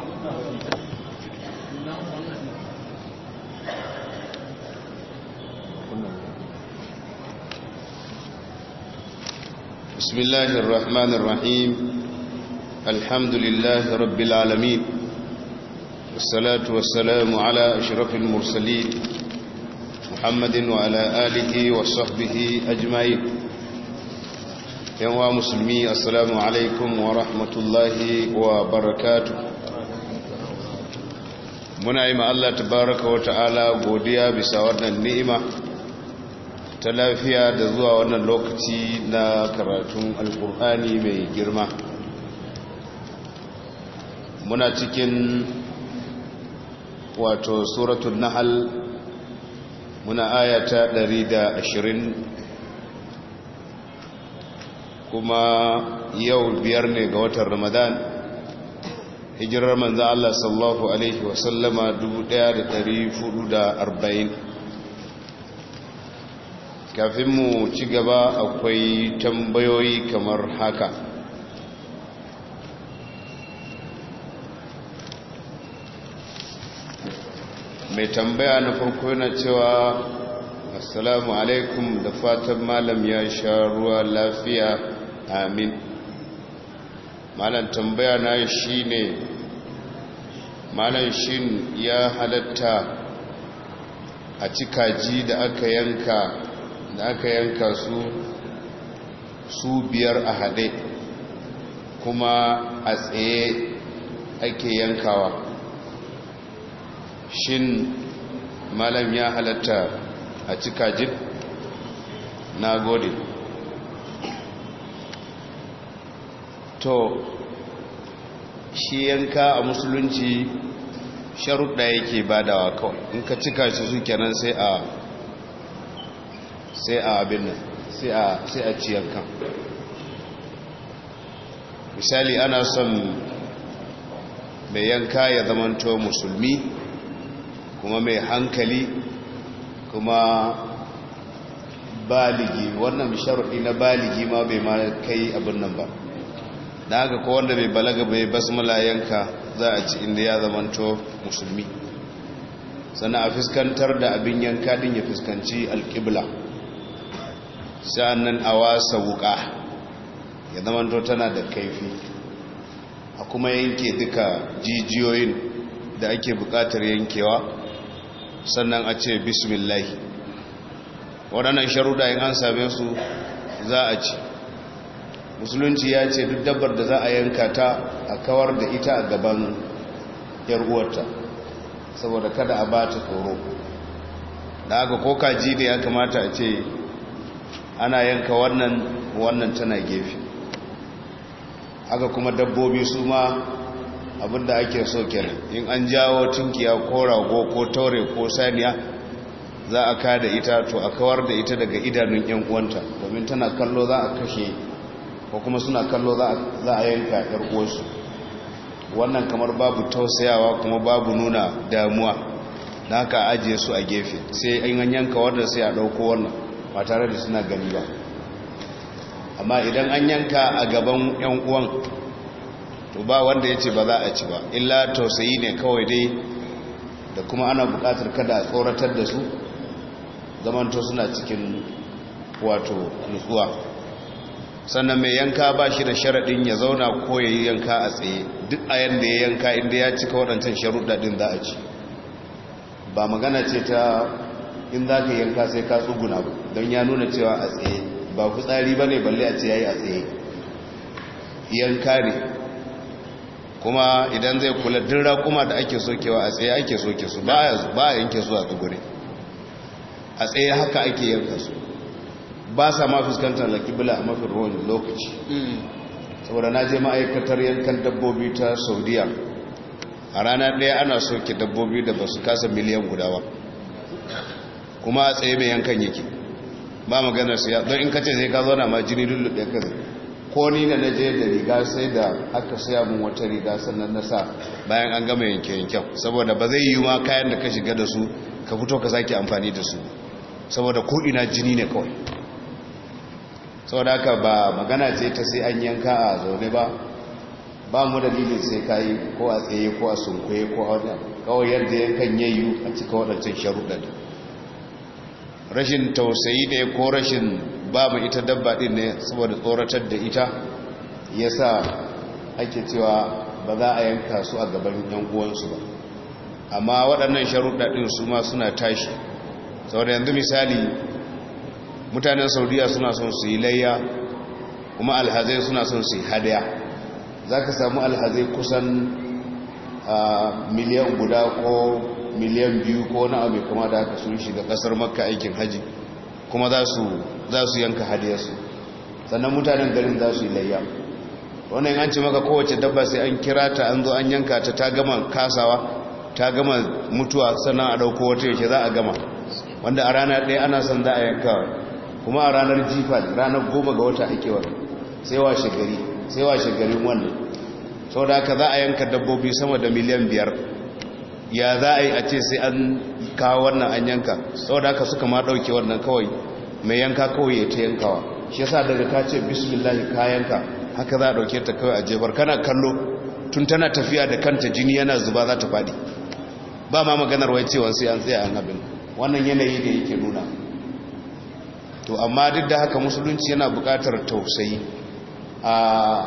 بسم الله الرحمن الرحيم الحمد لله رب العالمين والصلاة والسلام على أشرف المرسلين محمد وعلى آله وصحبه أجمعين يا مسلمي السلام عليكم ورحمة الله وبركاته muna yi Allah baraka wata ala godiya bisa wannan ni'ima ta lafiya da zuwa wannan lokaci na karatun alkur'ani mai girma muna cikin wato suratun nahal muna ayata 120 kuma yau biyar ne ga watan ramadan hijirar manzan Allah sallallahu Alaihi wasallama 1440 kafin mu ci gaba akwai tambayoyi kamar haka mai tambaya na farko yana cewa assalamu alaikum da fatan malam ya sha ruwa lafiya amin malam tambaya na shi ne malam shin ya halatta a cikaji da aka yanka da aka yanka su su biyar a haɗe kuma a tsaye ake yankawa shin malam ya halatta a cikajin na gode to shi yanka a musulunci sharuɗa yake badawa kawai in ka cika shi su kenan sai a sai a abin nan sai a sai a ci yankan misali ana son mai yanka ya zamanto musulmi kuma mai hankali kuma baligi wannan sharuɗi na baligi ma bai ma kai abin nan ba da haka ko wanda bai balaga bai basmala yanka za a ci inda ya zamanto musulmi sannan a fuskantar da abin yanka din ya fuskanci alƙibla sannan a wasa wuka ya zamanto tana da kaifi a kuma yanke duka jijiyoyin da ake buƙatar yankewa sannan a ce bismillahi waɗannan sharuda in an same su za a ci musulunci ya ce duk dabbar da za a yanka ta a kawar da ita a gaban uwarta saboda kada a ba ta tsoro da aka ko kaji ne ya kamata a ce ana yanka wannan wannan tana gefe aka kuma dabbobi su ma abinda ake so kenan in an jawo tunkiya ko rago ko taure ko saniya za a kada ita to a kawar da ita daga idanun yan uwanta domin tana kallo za a kashe ko kuma suna kallo za a yanka yar uwarsu wannan kamar babu tausayawa kuma babu nuna damuwa da haka ajiye su a gefe sai an yanka wannan sai a ɗauko wannan ba tare da suna gani ba amma idan an yanka a gaban yan uwan to ba wanda ya ce ba za a ci ba illa tausayi ne kawai dai da kuma ana buƙatar kada a tsoratar da su zamanto suna cikin wato nutsuwa sannan mai yanka ba shi da sharaɗin ya zauna ko ya yi yanka a tsaye duk a yadda ya yanka inda ya cika waɗancan sharuɗaɗin ɗin za a ci ba magana ce ta in za ka yanka sai ka tsuguna ba don ya nuna cewa a tsaye ba ku tsari ba ne balle a ce ya yi a tsaye yanka ne kuma idan zai kula duk raƙuma da ake sokewa a tsaye ake soke su ba a yanke su a tsugure a tsaye haka ake yanka su ba sa ma fuskantar alƙibla a mafi ruwan lokaci mm. saboda na je ma'aikatar yankan dabbobi ta saudiya a rana daya ana soke dabbobi da ba su kasa miliyan gudawa kuma a tsaye mai yankan yake ba maganar siya don in kace sai ka zo na ma jini ɗaya kan ko ni na naje da riga sai da aka saya mun wata riga sannan na sa bayan an gama yanke yanken saboda ba zai yi ma kayan da ka shiga da su ka fito ka sake amfani da su saboda ko ina jini ne kawai saboda ka ba magana ce ta sai an yanka a zaune ba ba mu dalilin sai ka yi ko a tsaye ko a sunkuye ko a wadda kawai yadda yankan yayu a cika waɗancan sharuɗar rashin tausayi ne ko rashin ba mu ita dabba ɗin ne saboda tsoratar da ita ya sa ake cewa ba za a yanka su a gaban yan uwansu ba amma waɗannan sharuɗar ɗin su ma suna tashi saboda yanzu misali mutanen saudiya suna son su yi layya kuma alhazai suna son su yi hadaya za ka samu alhazai kusan miliyan guda ko miliyan biyu ko na abu kuma da aka sun shiga kasar makka aikin haji kuma za su yanka hadiyarsu sannan mutanen garin za su yi layya wannan an ce maka kowace dabba sai an kira ta an zo an yanka ta ta gama kasawa ta gama mutuwa sannan a ɗauko wata yaushe za a gama wanda a rana ɗaya ana son za a yanka kuma a ranar jifa ranar goma ga wata ake wani sai washe gari sai washe garin wannan sau da aka za a yanka dabbobi sama da miliyan biyar ya za a yi a ce sai an kawo wannan an yanka sau da aka suka ma ɗauke wannan kawai mai yanka kawai ya ta yankawa shi yasa daga ka ce bismillahi ka yanka haka za a ɗauke ta kawai a jefar kana kallo tun tana tafiya da kanta jini yana zuba za ta faɗi ba ma maganar wai cewa sai an tsaye an abin wannan yanayi da yake nuna to amma duk da haka musulunci yana bukatar tausayi a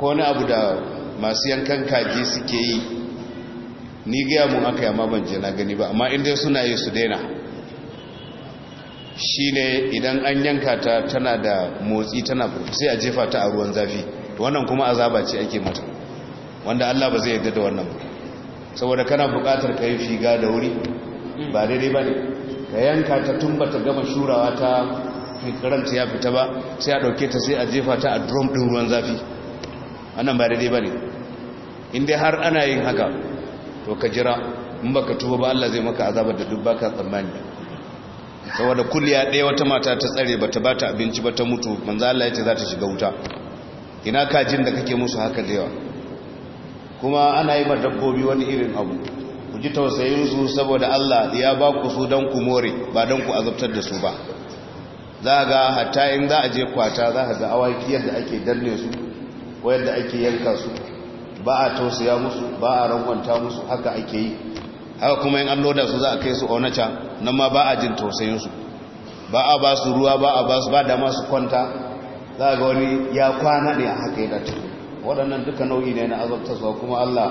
wani abu da masu yankan kaji suke yi ni gaya mun aka yamma ban je na gani ba amma inda suna yi su daina shi ne idan an yanka ta tana da motsi tana sai a jefa ta a ruwan zafi wannan kuma azaba ce ake mata wanda Allah ba zai yarda da wannan ba saboda kana buƙatar kai yi figa da wuri ba daidai ba ne ka yanka ta tun bata gama shurawa ta karanta ya fita ba sai a ɗauke ta sai a jefa ta a drum ɗin ruwan zafi annan ba daidai ba ne inda har ana yin haka to ka jira in baka tuba ba Allah zai maka azabar da duk baka tsammani saboda kulliya ɗaya wata mata ta tsare ba ta bata abinci ba ta mutu manzo Allah ya ce za ta shiga wuta ina kajin da kake musu haka da yawa kuma ana yi ma dabbobi wani irin abu ku ji tausayin su saboda Allah ya ba ku su don ku more ba don ku azabtar da su ba za ga hatta in za a je kwata za a ga awaki yadda ake danne su ko yadda ake yanka su ba a tausaya musu ba a rangwanta musu haka ake yi haka kuma in an loda su za a kai su onacha nan ma ba a jin tausayin su ba a ba su ruwa ba a ba su ba da masu kwanta za ga wani ya kwana ne a haka yadda waɗannan duka nau'i ne na azabtarwa kuma Allah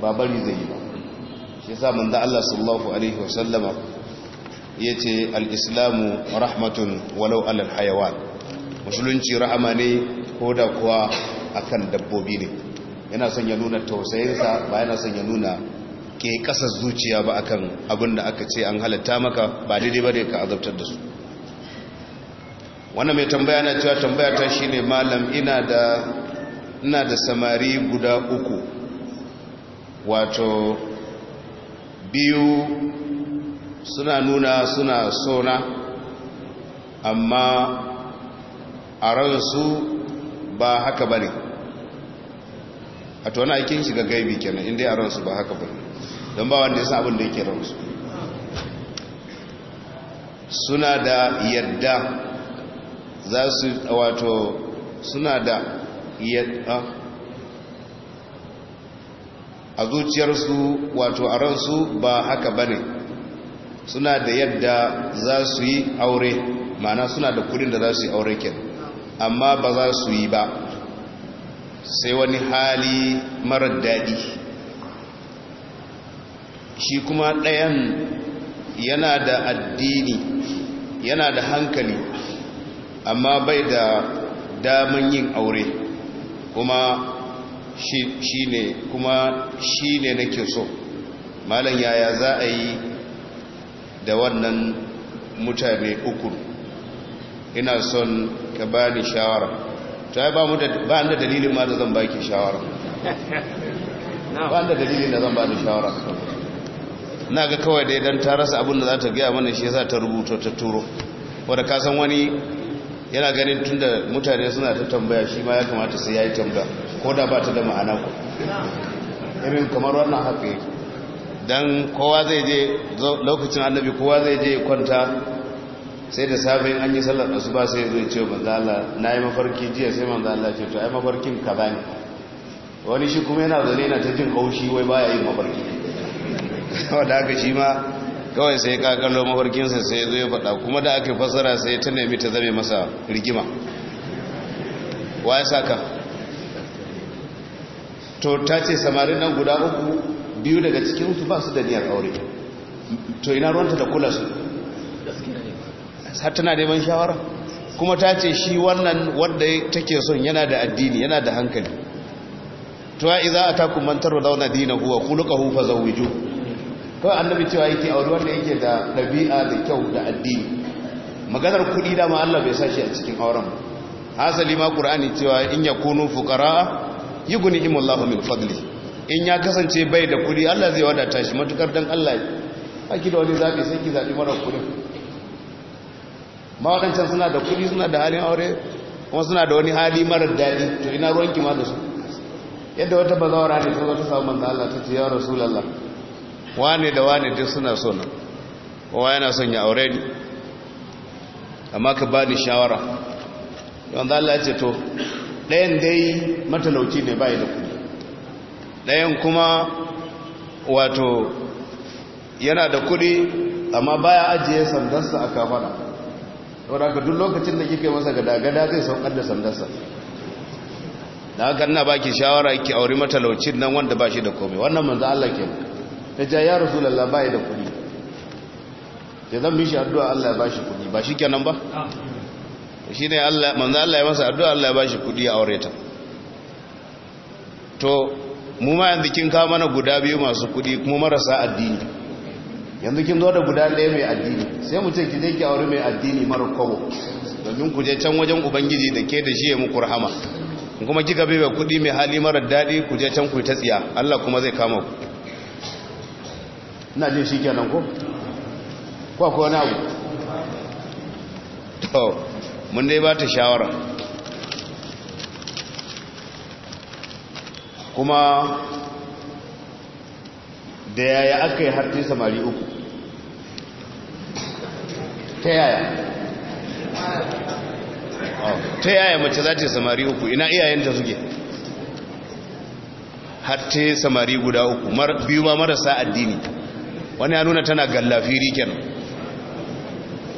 ba bari zai yi ba shi sa da Allah sallallahu alaihi wasallama yace ce al'islamu rahmatun walau alal hayawan musulunci rahama ne ko da kuwa akan dabbobi ne yana son ya nuna tausayinsa ba yana son ya nuna ke kasa zuciya ba akan abin da aka ce an halatta maka ba daidai ba ne ka azabtar da su wannan mai tambaya na cewa tambaya ta ne malam ina da ina da samari guda uku wato biyu suna nuna suna sona amma a ransu ba haka ba ne a tona aikin shiga gaibi kenan inda a ransu ba haka ba ne don ba wanda ya sa abin da yake ransu suna da yadda za su wato suna da yadda ah, a zuciyarsu wato a ransu ba haka ba ne, suna da yadda za su yi aure mana suna da kudin da za su yi aure ke amma ba za su yi ba sai wani hali mara daɗi shi kuma ɗayan yana da addini yana da hankali amma bai da daman yin aure kuma shi ne kuma shi ne ke so malam yaya za a yi da wannan mutane uku ina son ka ba ni shawara ta ba mu da ba da dalilin ma da zan baki shawara ba da dalilin da zan ba ni shawara na ga kawai dai dan ta rasa abin da za ta gaya mana shi yasa ta rubuta ta turo wanda ka san wani yana ganin tunda mutane suna ta tambaya shi ma ya kamata sai ya yi tambaya ko da ba ta da ma'ana ku irin kamar wannan haka don kowa zai je lokacin annabi kowa zai je kwanta sai da safe an yi sallar da su ba sai zai ce manzala Allah na yi mafarki jiya sai manzala Allah ce to ai mafarkin ka bani wani shi kuma yana zane na ta jin kaushi wai baya yin mafarki saboda haka shi ma kawai sai ka kallo mafarkinsa sai zai faɗa kuma da aka fasara sai ta nemi ta zame masa rigima wa ya saka to ta ce samarin nan guda uku biyu daga cikinsu ba su da niyyar aure to ina ruwanta da kula su hatta na neman shawara kuma ta ce shi wannan wadda take son yana da addini yana da hankali Ta iza a takun mantar da wani dina kuwa kuluka hufa zauwiju kawai annabi cewa yake auri wanda yake da ɗabi'a da kyau da addini maganar kuɗi da Allah bai sa shi a cikin auren hasali ma ƙur'ani cewa in ya kunu fukara Yi yughnihim Allah min fadli in ya kasance bai da kuri Allah zai wadata shi matukar dan Allah haki da wani zabi sai ki zabi mara kuri ma waɗancan suna da kuri suna da halin aure kuma suna da wani hali mara daɗi to ina ruwanki ma da su yadda wata bazawara ne ta zo samun da Allah ta ce ya rasulullah wane da wane duk suna so na kowa yana son ya aure ni amma ka bani shawara yanzu Allah ya ce to ɗayan dai matalauci ne bai da kudi ɗayan kuma wato yana da kudi amma baya ajiye sandarsa a kafana wadda ka duk lokacin da kike masa gada-gada zai saukar da sandarsa da haka ina baki shawara ki auri matalaucin nan wanda ba shi da komai wannan manzo Allah ke ta ja ya rasu lalla bai da kudi sai zan mishi addu'a Allah ya bashi kudi ba kenan ba ah. shi ne manzan Allah ya masa addu'a Allah ya bashi kudi a aure ta to mu ma yanzu kin kawo mana guda biyu masu kudi kuma marasa addini yanzu kin zo da guda ɗaya mai addini sai mu ce ki ki aure mai addini mara kwabo domin ku je can wajen ubangiji da ke da shi ya muku rahama kuma kika bai kudi mai hali mara daɗi ku je can ku ta tsiya Allah kuma zai kama ku ina jin shi kenan ko ko ko na abu mun dai ba ta shawara kuma da yaya aka yi harfi samari uku ta yaya ta yaya mace za ta samari uku ina iyayenta suke hatta samari guda uku biyu ma marasa addini wani ya nuna tana gallafi riken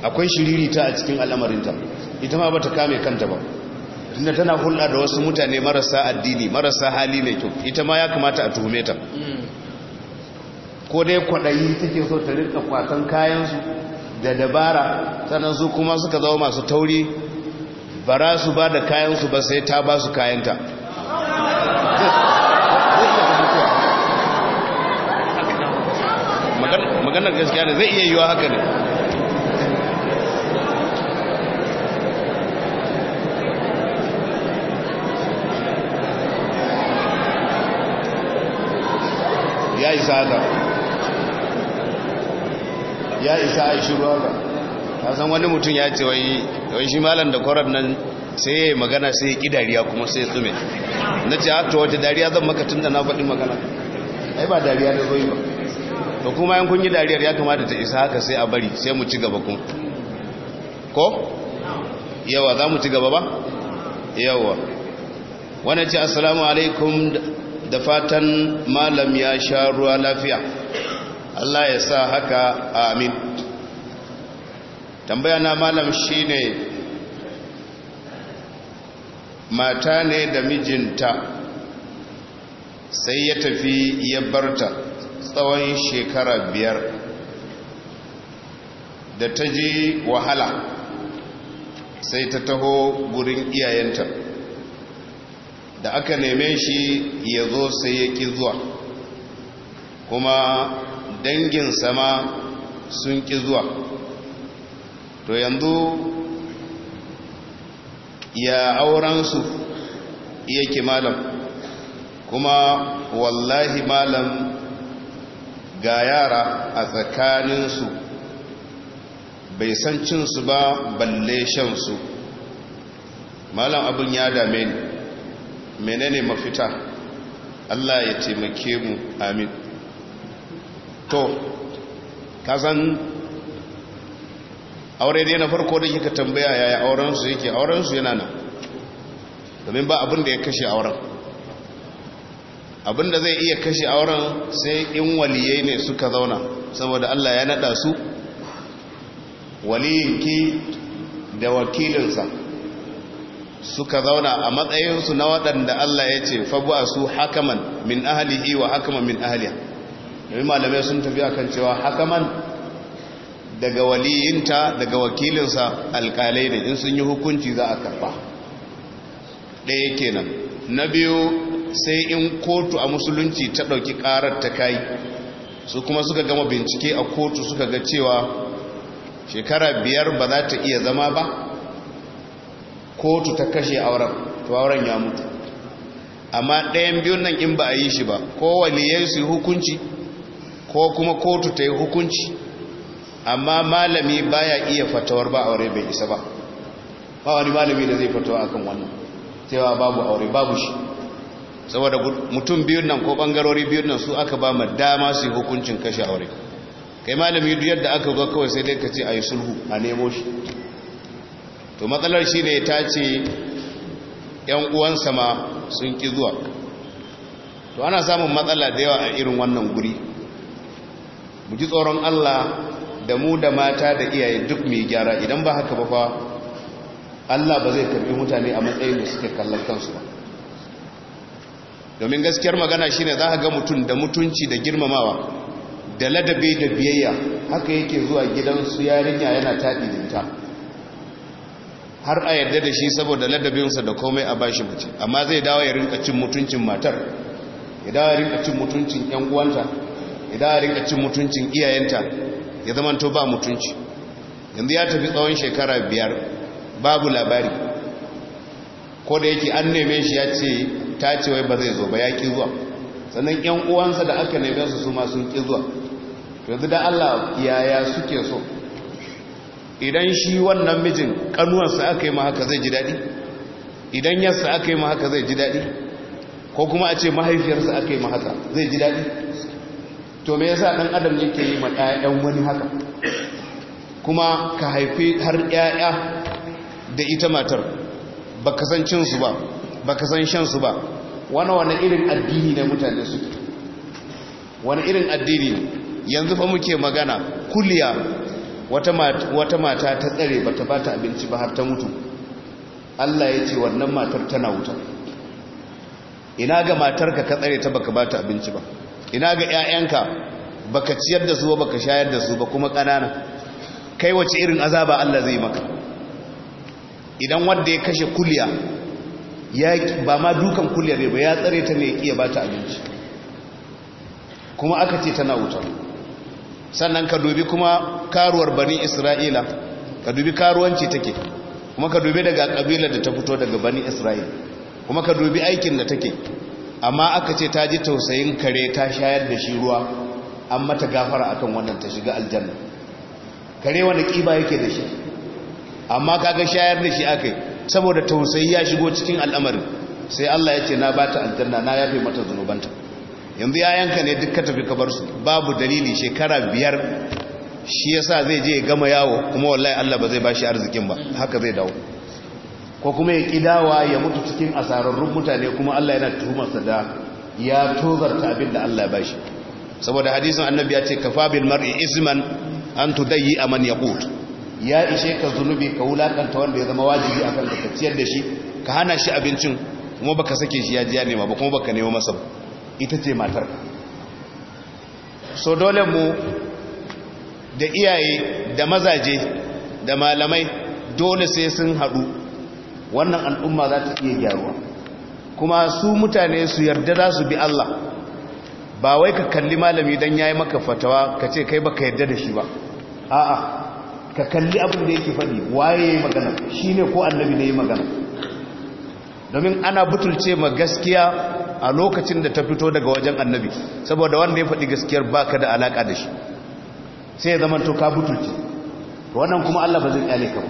akwai shiriri ta a cikin al'amarinta ita ma bata kame kanta ba tunda tana hulɗa da wasu mutane marasa addini marasa hali mai kyau ita ma ya kamata a tuhume ta ko dai kwaɗayi take so ta rinka kwatan kayansu da dabara sannan su kuma suka zama masu tauri ba ra su ba da kayansu ba sai ta ba su kayanta maganar gaskiya ne zai iya yiwa haka ne isa haka ya isa a ruwa ba ta san wani mutum ya ce wai shi malam da kwarar nan sai ya magana sai ya ƙi dariya kuma sai ya tsume na ce hatu ah, wata dariya zan maka tun da na faɗin magana ai ba dariya da zoyi ba to kuma yan kun yi dariyar ya kamata ta isa haka sai a bari sai mu ci gaba kun ko yawa za mu ci gaba ba yawa wani ce assalamu alaikum da fatan malam ya sha ruwa lafiya Allah ya sa haka amin tambaya na malam shine mata ne da mijinta sai ya tafi ya barta tsawon shekara biyar da ta ji wahala sai ta taho gurin iyayenta da aka neme shi ya zo sai ya ƙi zuwa kuma dangin sama sun ƙi zuwa to yanzu ya aurensu ki malam kuma wallahi malam ga yara a tsakaninsu bai san cinsu ba balle shansu malam abin ya dame ni menene mafita Allah ya taimake mu amin to kasan aure dai na farko da kika tambaya yaya auren su yake auren su yana nan domin ba abin da ya kashe auren abin da zai iya kashe auren sai in waliyai ne suka zauna saboda Allah ya nada su waliyinki da wakilinsa suka zauna a matsayinsu na waɗanda Allah ya ce fabuwa su hakaman min ahalihi wa hakaman min ahaliya domin malamai sun tafi a kan cewa hakaman daga waliyinta daga wakilinsa alkalai ne in sun yi hukunci za a karba ɗaya kenan na biyu sai in kotu a musulunci ta ɗauki ƙarar ta kai su kuma suka gama bincike a kotu suka ga cewa shekara biyar ba za ta iya zama ba kotu ta kashe auren to auren ya mutu amma ɗayan biyun nan in ba a yi shi ba ko waliyai su yi hukunci ko kuma kotu ta yi hukunci amma malami baya iya fatawar ba aure bai isa ba ba wani malami da zai fatawa akan wannan cewa babu aure babu shi saboda mutum biyun nan ko bangarori biyun nan su aka ba ma dama su yi hukuncin kashe aure kai malami duk yadda aka zo kawai sai dai ka ce a yi sulhu a nemo shi to matsalar shi ne ta ce ‘yan uwansa ma sun ki zuwa to ana samun matsala da yawa a irin wannan guri mu ji tsoron Allah da mu da mata da iyaye duk mai gyara idan ba haka ba fa Allah ba zai karbi mutane a matsayin da suke kallon kansu ba domin gaskiyar magana shine za ka ga mutum da mutunci da girmamawa da ladabi da biyayya haka yake zuwa gidansu yarinya yana taɗi da har a yarda da shi saboda ladabinsa da komai a bashi mace amma zai dawo ya rinka cin mutuncin matar ya dawo ya rinka cin mutuncin yan uwanta ya dawo ya rinka cin mutuncin iyayenta ya zama ba mutunci yanzu ya tafi tsawon shekara biyar babu labari ko da yake an neme shi ya ce ta ce wai ba zai zo ba ya ki zuwa sannan yan uwansa da aka neme su su ma sun ki zuwa yanzu da Allah yaya suke so idan shi wannan mijin kanuwansa aka yi ma haka zai ji daɗi idan yarsa aka yi ma haka zai ji daɗi ko kuma a ce mahaifiyarsa aka yi ma haka zai ji daɗi to me yasa ɗan adam yake yi ma ɗayan wani haka kuma ka haifi har ƴaƴa da ita matar ba ka san cinsu ba ba ka san shansu ba wani wani irin addini ne mutane su wani irin addini yanzu fa muke magana kulliya. wata mata ta tsare ba ta bata abinci ba har ta mutu Allah ya ce wannan matar tana wuta ina ga matarka ka tsare ta baka bata abinci ba ina ga 'ya'yanka baka ciyar da su ba baka shayar da su ba kuma ƙanana kai wace irin azaba Allah zai maka idan wanda ya kashe kuliya ba ma dukan kuliya ne ba ya tsare ta ne ya bata abinci kuma aka ce tana wuta sannan ka dubi kuma karuwar bani isra'ila ka dubi karuwanci take kuma ka dubi daga kabilar da ta fito daga bani isra'ila kuma ka dubi aikin da take amma aka ce ta ji tausayin kare ta shayar da shi ruwa an mata gafara akan wannan ta shiga aljanna kare wanda kiba yake da shi amma kaga shayar da shi akai saboda tausayi ya shigo cikin al'amarin sai Allah ya ce na bata aljanna na yafe mata zunubanta yanzu yayanka ne duk ka tafi ka bar su babu dalili shekara biyar shi yasa zai je gama yawo kuma wallahi Allah ba zai bashi arzikin ba haka zai dawo ko kuma ya kidawa ya mutu cikin asararrun mutane kuma Allah yana tuhumar sa da ya tozarta abin da Allah ya bashi saboda hadisin annabi ya ce kafa bil mar'i isman an tudayyi aman yaqut ya ishe ka zunubi ka wulakanta wanda ya zama wajibi akan ka ciyar da shi ka hana shi abincin kuma baka sake shi ya jiya ya nema ba kuma baka nemo masa ba ita ce matar so dole mu da iyaye da mazaje da malamai dole sai sun haɗu wannan al'umma za ta iya gyaruwa kuma su mutane su yarda za su bi Allah ba wai ka kalli malami don ya yi maka fatawa ka ce kai ba ka yarda da shi ba a'a ka kalli abin da yake faɗi waye ya yi magana shi ne ko annabi ne yi magana domin ana butulce ma gaskiya a lokacin da ta fito daga wajen annabi saboda wanda ya faɗi gaskiyar ba ka da alaƙa da shi sai ya zama to ka butulci wannan kuma Allah ba zai ƙyale ka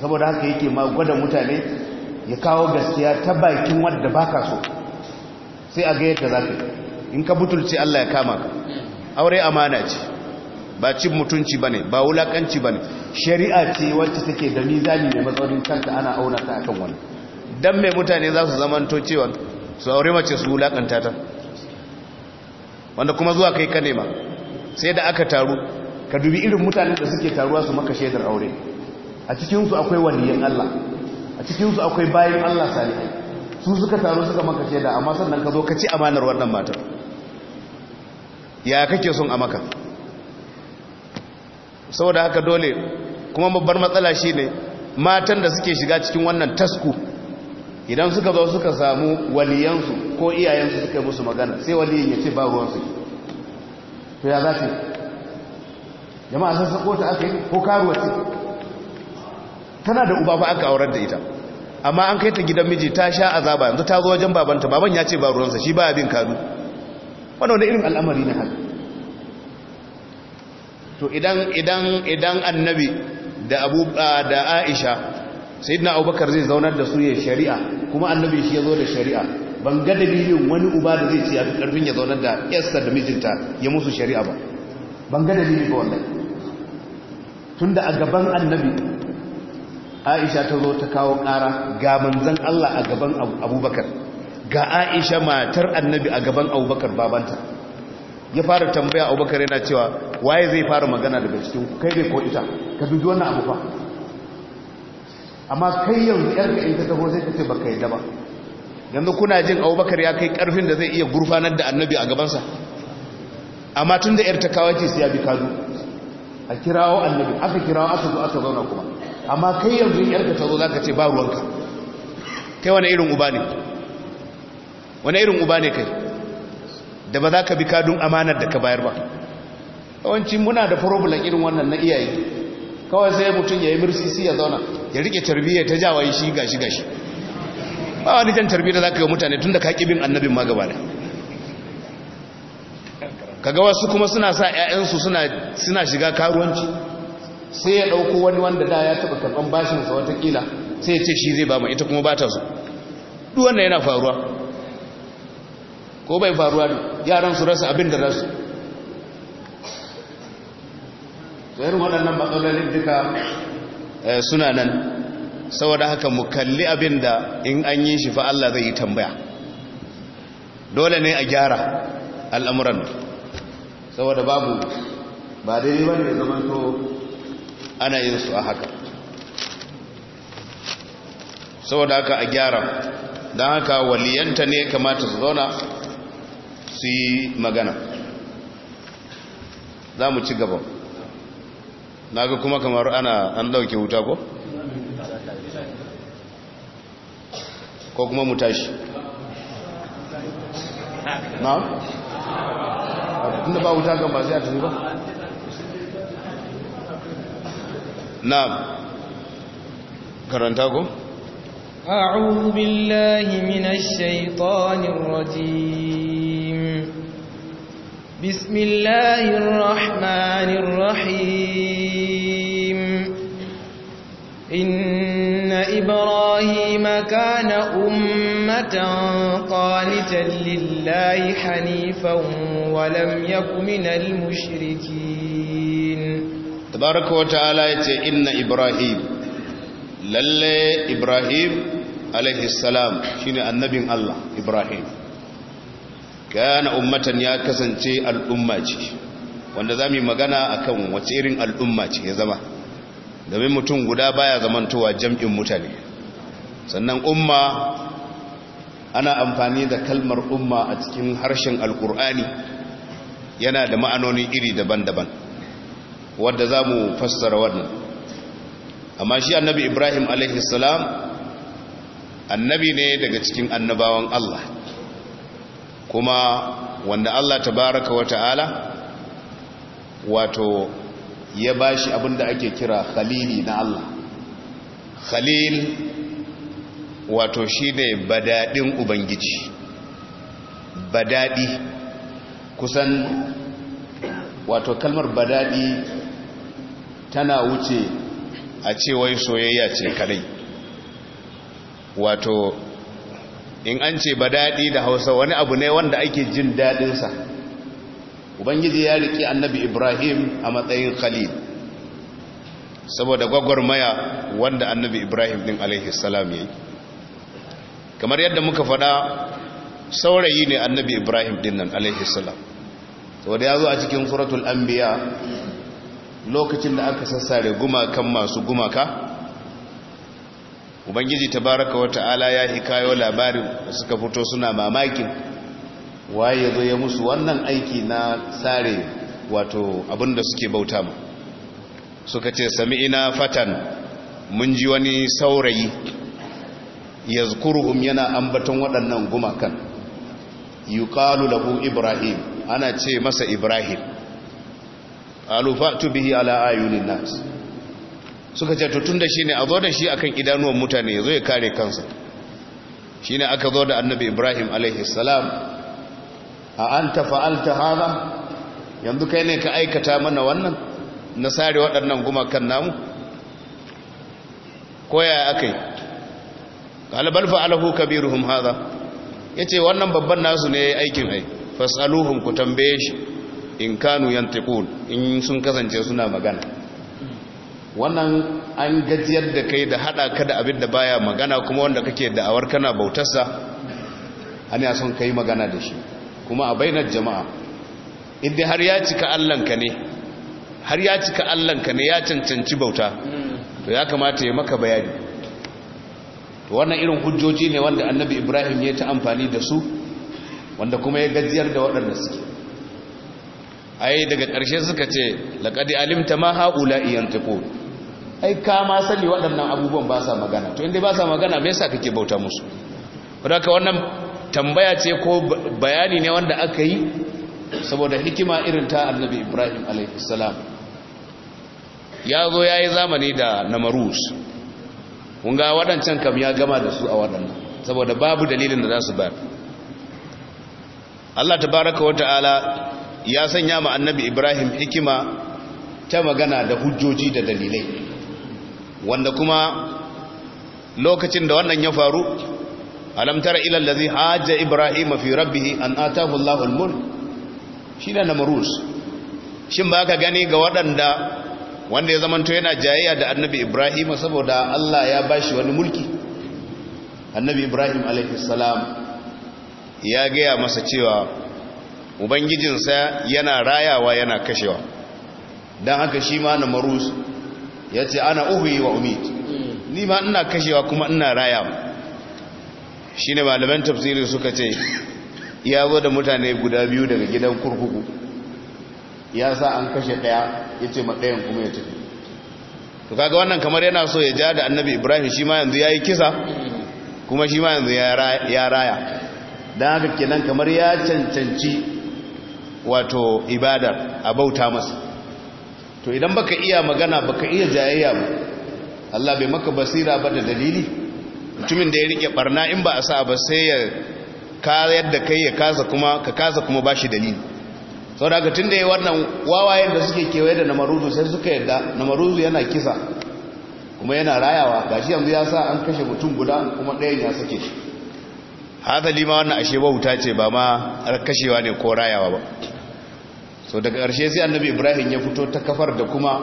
saboda haka yake ma gwada mutane ya kawo gaskiya ta bakin wanda baka so sai a ga yadda yi in ka butulci Allah ya kama ka aure amana ce ba cin mutunci ba ne ba wulakanci ba ne shari'a ce wacce take da mizani mai matsaurin kanta ana auna ta akan wani don mai mutane za su zamanto cewa su aure mace su wulaƙanta ta wanda kuma zuwa kai ka nema sai da aka taru ka dubi irin mutanen da suke taruwa su maka shaidar aure a cikinsu akwai waliyan Allah a cikinsu akwai bayan Allah salihai su suka taru suka maka shaida amma sannan ka zo ka ci amanar wannan matar ya kake son a maka saboda haka dole kuma babbar matsala shine matan da suke shiga cikin wannan tasku idan suka zo suka samu waliyansu ko iyayensu suka yi musu magana sai waliyin ya ce ba ruwansu to ya za ce jama'a sun sako ta aka yi ko karuwa ce tana da uba ba aka aurar da ita amma an kai ta gidan miji ta sha azaba yanzu ta zo wajen babanta baban ya ce ba ruwansa shi ba abin kanu wanda wani irin al'amari na hannu to idan idan idan annabi da abu da aisha sayyidina abubakar zai zaunar da su ya shari'a kuma annabi shi ya zo da shari'a ban ga dalilin wani uba da zai ce ya fi karfin ya zaunar da yarsa da mijinta ya musu shari'a ba ban ga dalilin ba wallahi tunda a gaban annabi aisha ta zo ta kawo kara ga manzan Allah a gaban abubakar ga aisha matar annabi a gaban abubakar babanta ya fara tambaya abubakar yana cewa waye zai fara magana daga cikin kai ne ko ita ka duji wannan abu fa amma kai yanzu yarka in ta taho zai ta ce baka yadda ba yanzu kuna jin abubakar ya kai karfin da zai iya gurfanar da annabi a gabansa amma tun da yar ta kawo ce sai ya bi kazu a kirawo annabi aka kirawo aka zo aka zauna kuma amma kai yanzu yarka ta zo za ka ce ba ruwanka kai wani irin uba ne wani irin uba ne kai da ba za ka bi kadun amanar da ka bayar ba yawanci muna da problem irin wannan na iyaye kawai sai mutum ya yi mirsisi ya zauna ya rike tarbiyyar ta jawaye shi gashi gashi ba wani jan tarbiyyar da za ka yi mutane tun da ka bin annabin ma gaba da kaga wasu kuma suna sa 'ya'yansu suna shiga karuwanci sai ya ɗauko wani wanda da ya taɓa karɓan bashinsa watakila sai ya ce shi zai ba ma ita kuma ba ta su duk wannan yana faruwa ko bai faruwa yaran su rasa abin da rasu tsayar waɗannan matsalolin duka Eh, suna nan saboda haka mu kalli abin da in an yi shi fa Allah zai yi tambaya dole ne a gyara al'amuran saboda babu ba daidai ba ne to ana yin su a haka saboda haka a gyara don haka waliyanta ne kamata su zauna su yi magana za mu ci gaba na ga kuma kamar ana an dauke wuta ko? ko kuma mu tashi na? tunda ba wuta kan ba sai a tafi ba? na karanta ko? أعوذ بالله من الشيطان الرجيم بسم الله الرحمن الرحيم إن إبراهيم كان أمة قانتا لله حنيفا ولم يك من المشركين تبارك وتعالى يتي إن إبراهيم للي إبراهيم عليه السلام شيني النبي الله إبراهيم كان أمة يا كسنتي الأمة wanda za mu yi magana a kan wace irin al'umma ce ya zama domin mutum guda baya zamantowa jam'in mutane sannan umma ana amfani da kalmar umma a cikin harshen alkur'ani yana da ma'anoni iri daban-daban wadda za mu fassara wannan amma shi annabi ibrahim alaihissalam annabi ne daga cikin annabawan allah kuma wanda allah ta baraka wa ta'ala wato ya shi abin da ake kira khalili na Allah khalil wato shi ne badadin ubangiji badadi kusan wato kalmar badaɗi tana wuce a cewai soyayya ce kadai wato in an ce badadi da hausa wani abu ne wanda ake jin daɗinsa? ubangiji ya riki annabi ibrahim a matsayin khalil saboda gwagwarmaya wanda annabi ibrahim din alaihi salam yi kamar yadda muka faɗa saurayi ne annabi ibrahim din nan alaihi salam saboda ya zo a cikin suratul anbiya lokacin da aka sassare gumakan masu gumaka ubangiji tabaraka wata'ala ya hikayo labarin da suka fito suna mamakin waye ya zo ya musu wannan aiki na tsare wato abinda suke bauta mu suka ce sami'ina fatan mun ji wani saurayi yazkuruhum yana ambaton waɗannan gumakan yuqalu lahu ibrahim ana ce masa ibrahim Alufa fa'tu bihi ala ayunin nas suka ce to tunda shine a zo da shi akan idanuwan mutane yazo ya kare kansa shine aka zo da annabi ibrahim alaihi salam a anta fa'alta hadha yanzu kai ne ka aikata mana wannan na sare waɗannan gumakan namu koya akai qalbal fa'alahu kabiruhum Ya ce wannan babban nasu ne ya yi aikin rai Fasaluhun ku tambaye shi in kanu yantiqun in sun kasance suna magana wannan an gajiyar da kai da hada ka da abin da baya magana kuma wanda kake da'awar kana bautarsa ana son yi magana da shi kuma a bainar jama'a inda har ya cika allanka ne har ya cika allanka ne ya cancanci bauta to ya kamata ya maka bayani to wannan irin hujjoji ne wanda annabi ibrahim ya ta amfani da su wanda kuma ya gajiyar da waɗanda suke ai daga ƙarshe suka ce laƙadi alimta ma haula iyan taƙo ai ka ma sani waɗannan abubuwan ba sa magana to inda ba sa magana me yasa kake bauta musu wadaka wannan tambaya ce ko bayani ne wanda aka yi saboda hikima irin ta annabi ibrahim alaihissalam ya zo ya yi zamani da namarus ƙunga waɗancan kam ya gama da su a waɗannan saboda babu dalilin da za su bayar allah tabaraka wa ta'ala ya sanya ma annabi ibrahim hikima ta magana da hujjoji da dalilai wanda kuma lokacin da wannan ya faru alam tara ila allazi hajja ibrahima fi rabbih an atahu Allahu almul shi da namrus shin ba ka gani ga waɗanda wanda ya zamanto yana jayayya da annabi ibrahima saboda Allah ya bashi wani mulki annabi ibrahim alaihi salam ya gaya masa cewa ubangijinsa yana rayawa yana kashewa don haka shi ma na marus ana uhuyi wa umit ni ma ina kashewa kuma ina rayawa shi ne malaman tafsirin suka ce ya zo da mutane guda biyu daga gidan kurkuku ya sa an kashe ɗaya ya ce matsayin kuma ya tafi to kaga wannan kamar yana so ya ja da annabi ibrahim shi ma yanzu ya yi kisa kuma shi ma yanzu ya raya don haka kenan kamar ya cancanci wato ibadar a bauta masa to idan baka iya magana baka iya jayayya ba Allah bai maka basira ba da dalili mutumin da ya rike barna in ba a sa ba sai ya kayar da kai ya kasa kuma ka kasa kuma bashi dalili saboda haka tunda ya wannan wawayen da suke kewaye da namaruzu sai suka yadda namaruzu yana kisa kuma yana rayawa shi yanzu ya sa an kashe mutum guda kuma ɗayan ya sake shi hadali lima wannan ashe wuta ce ba ma kashewa ne ko rayawa ba Sau daga ƙarshe sai annabi ibrahim ya fito ta kafar da kuma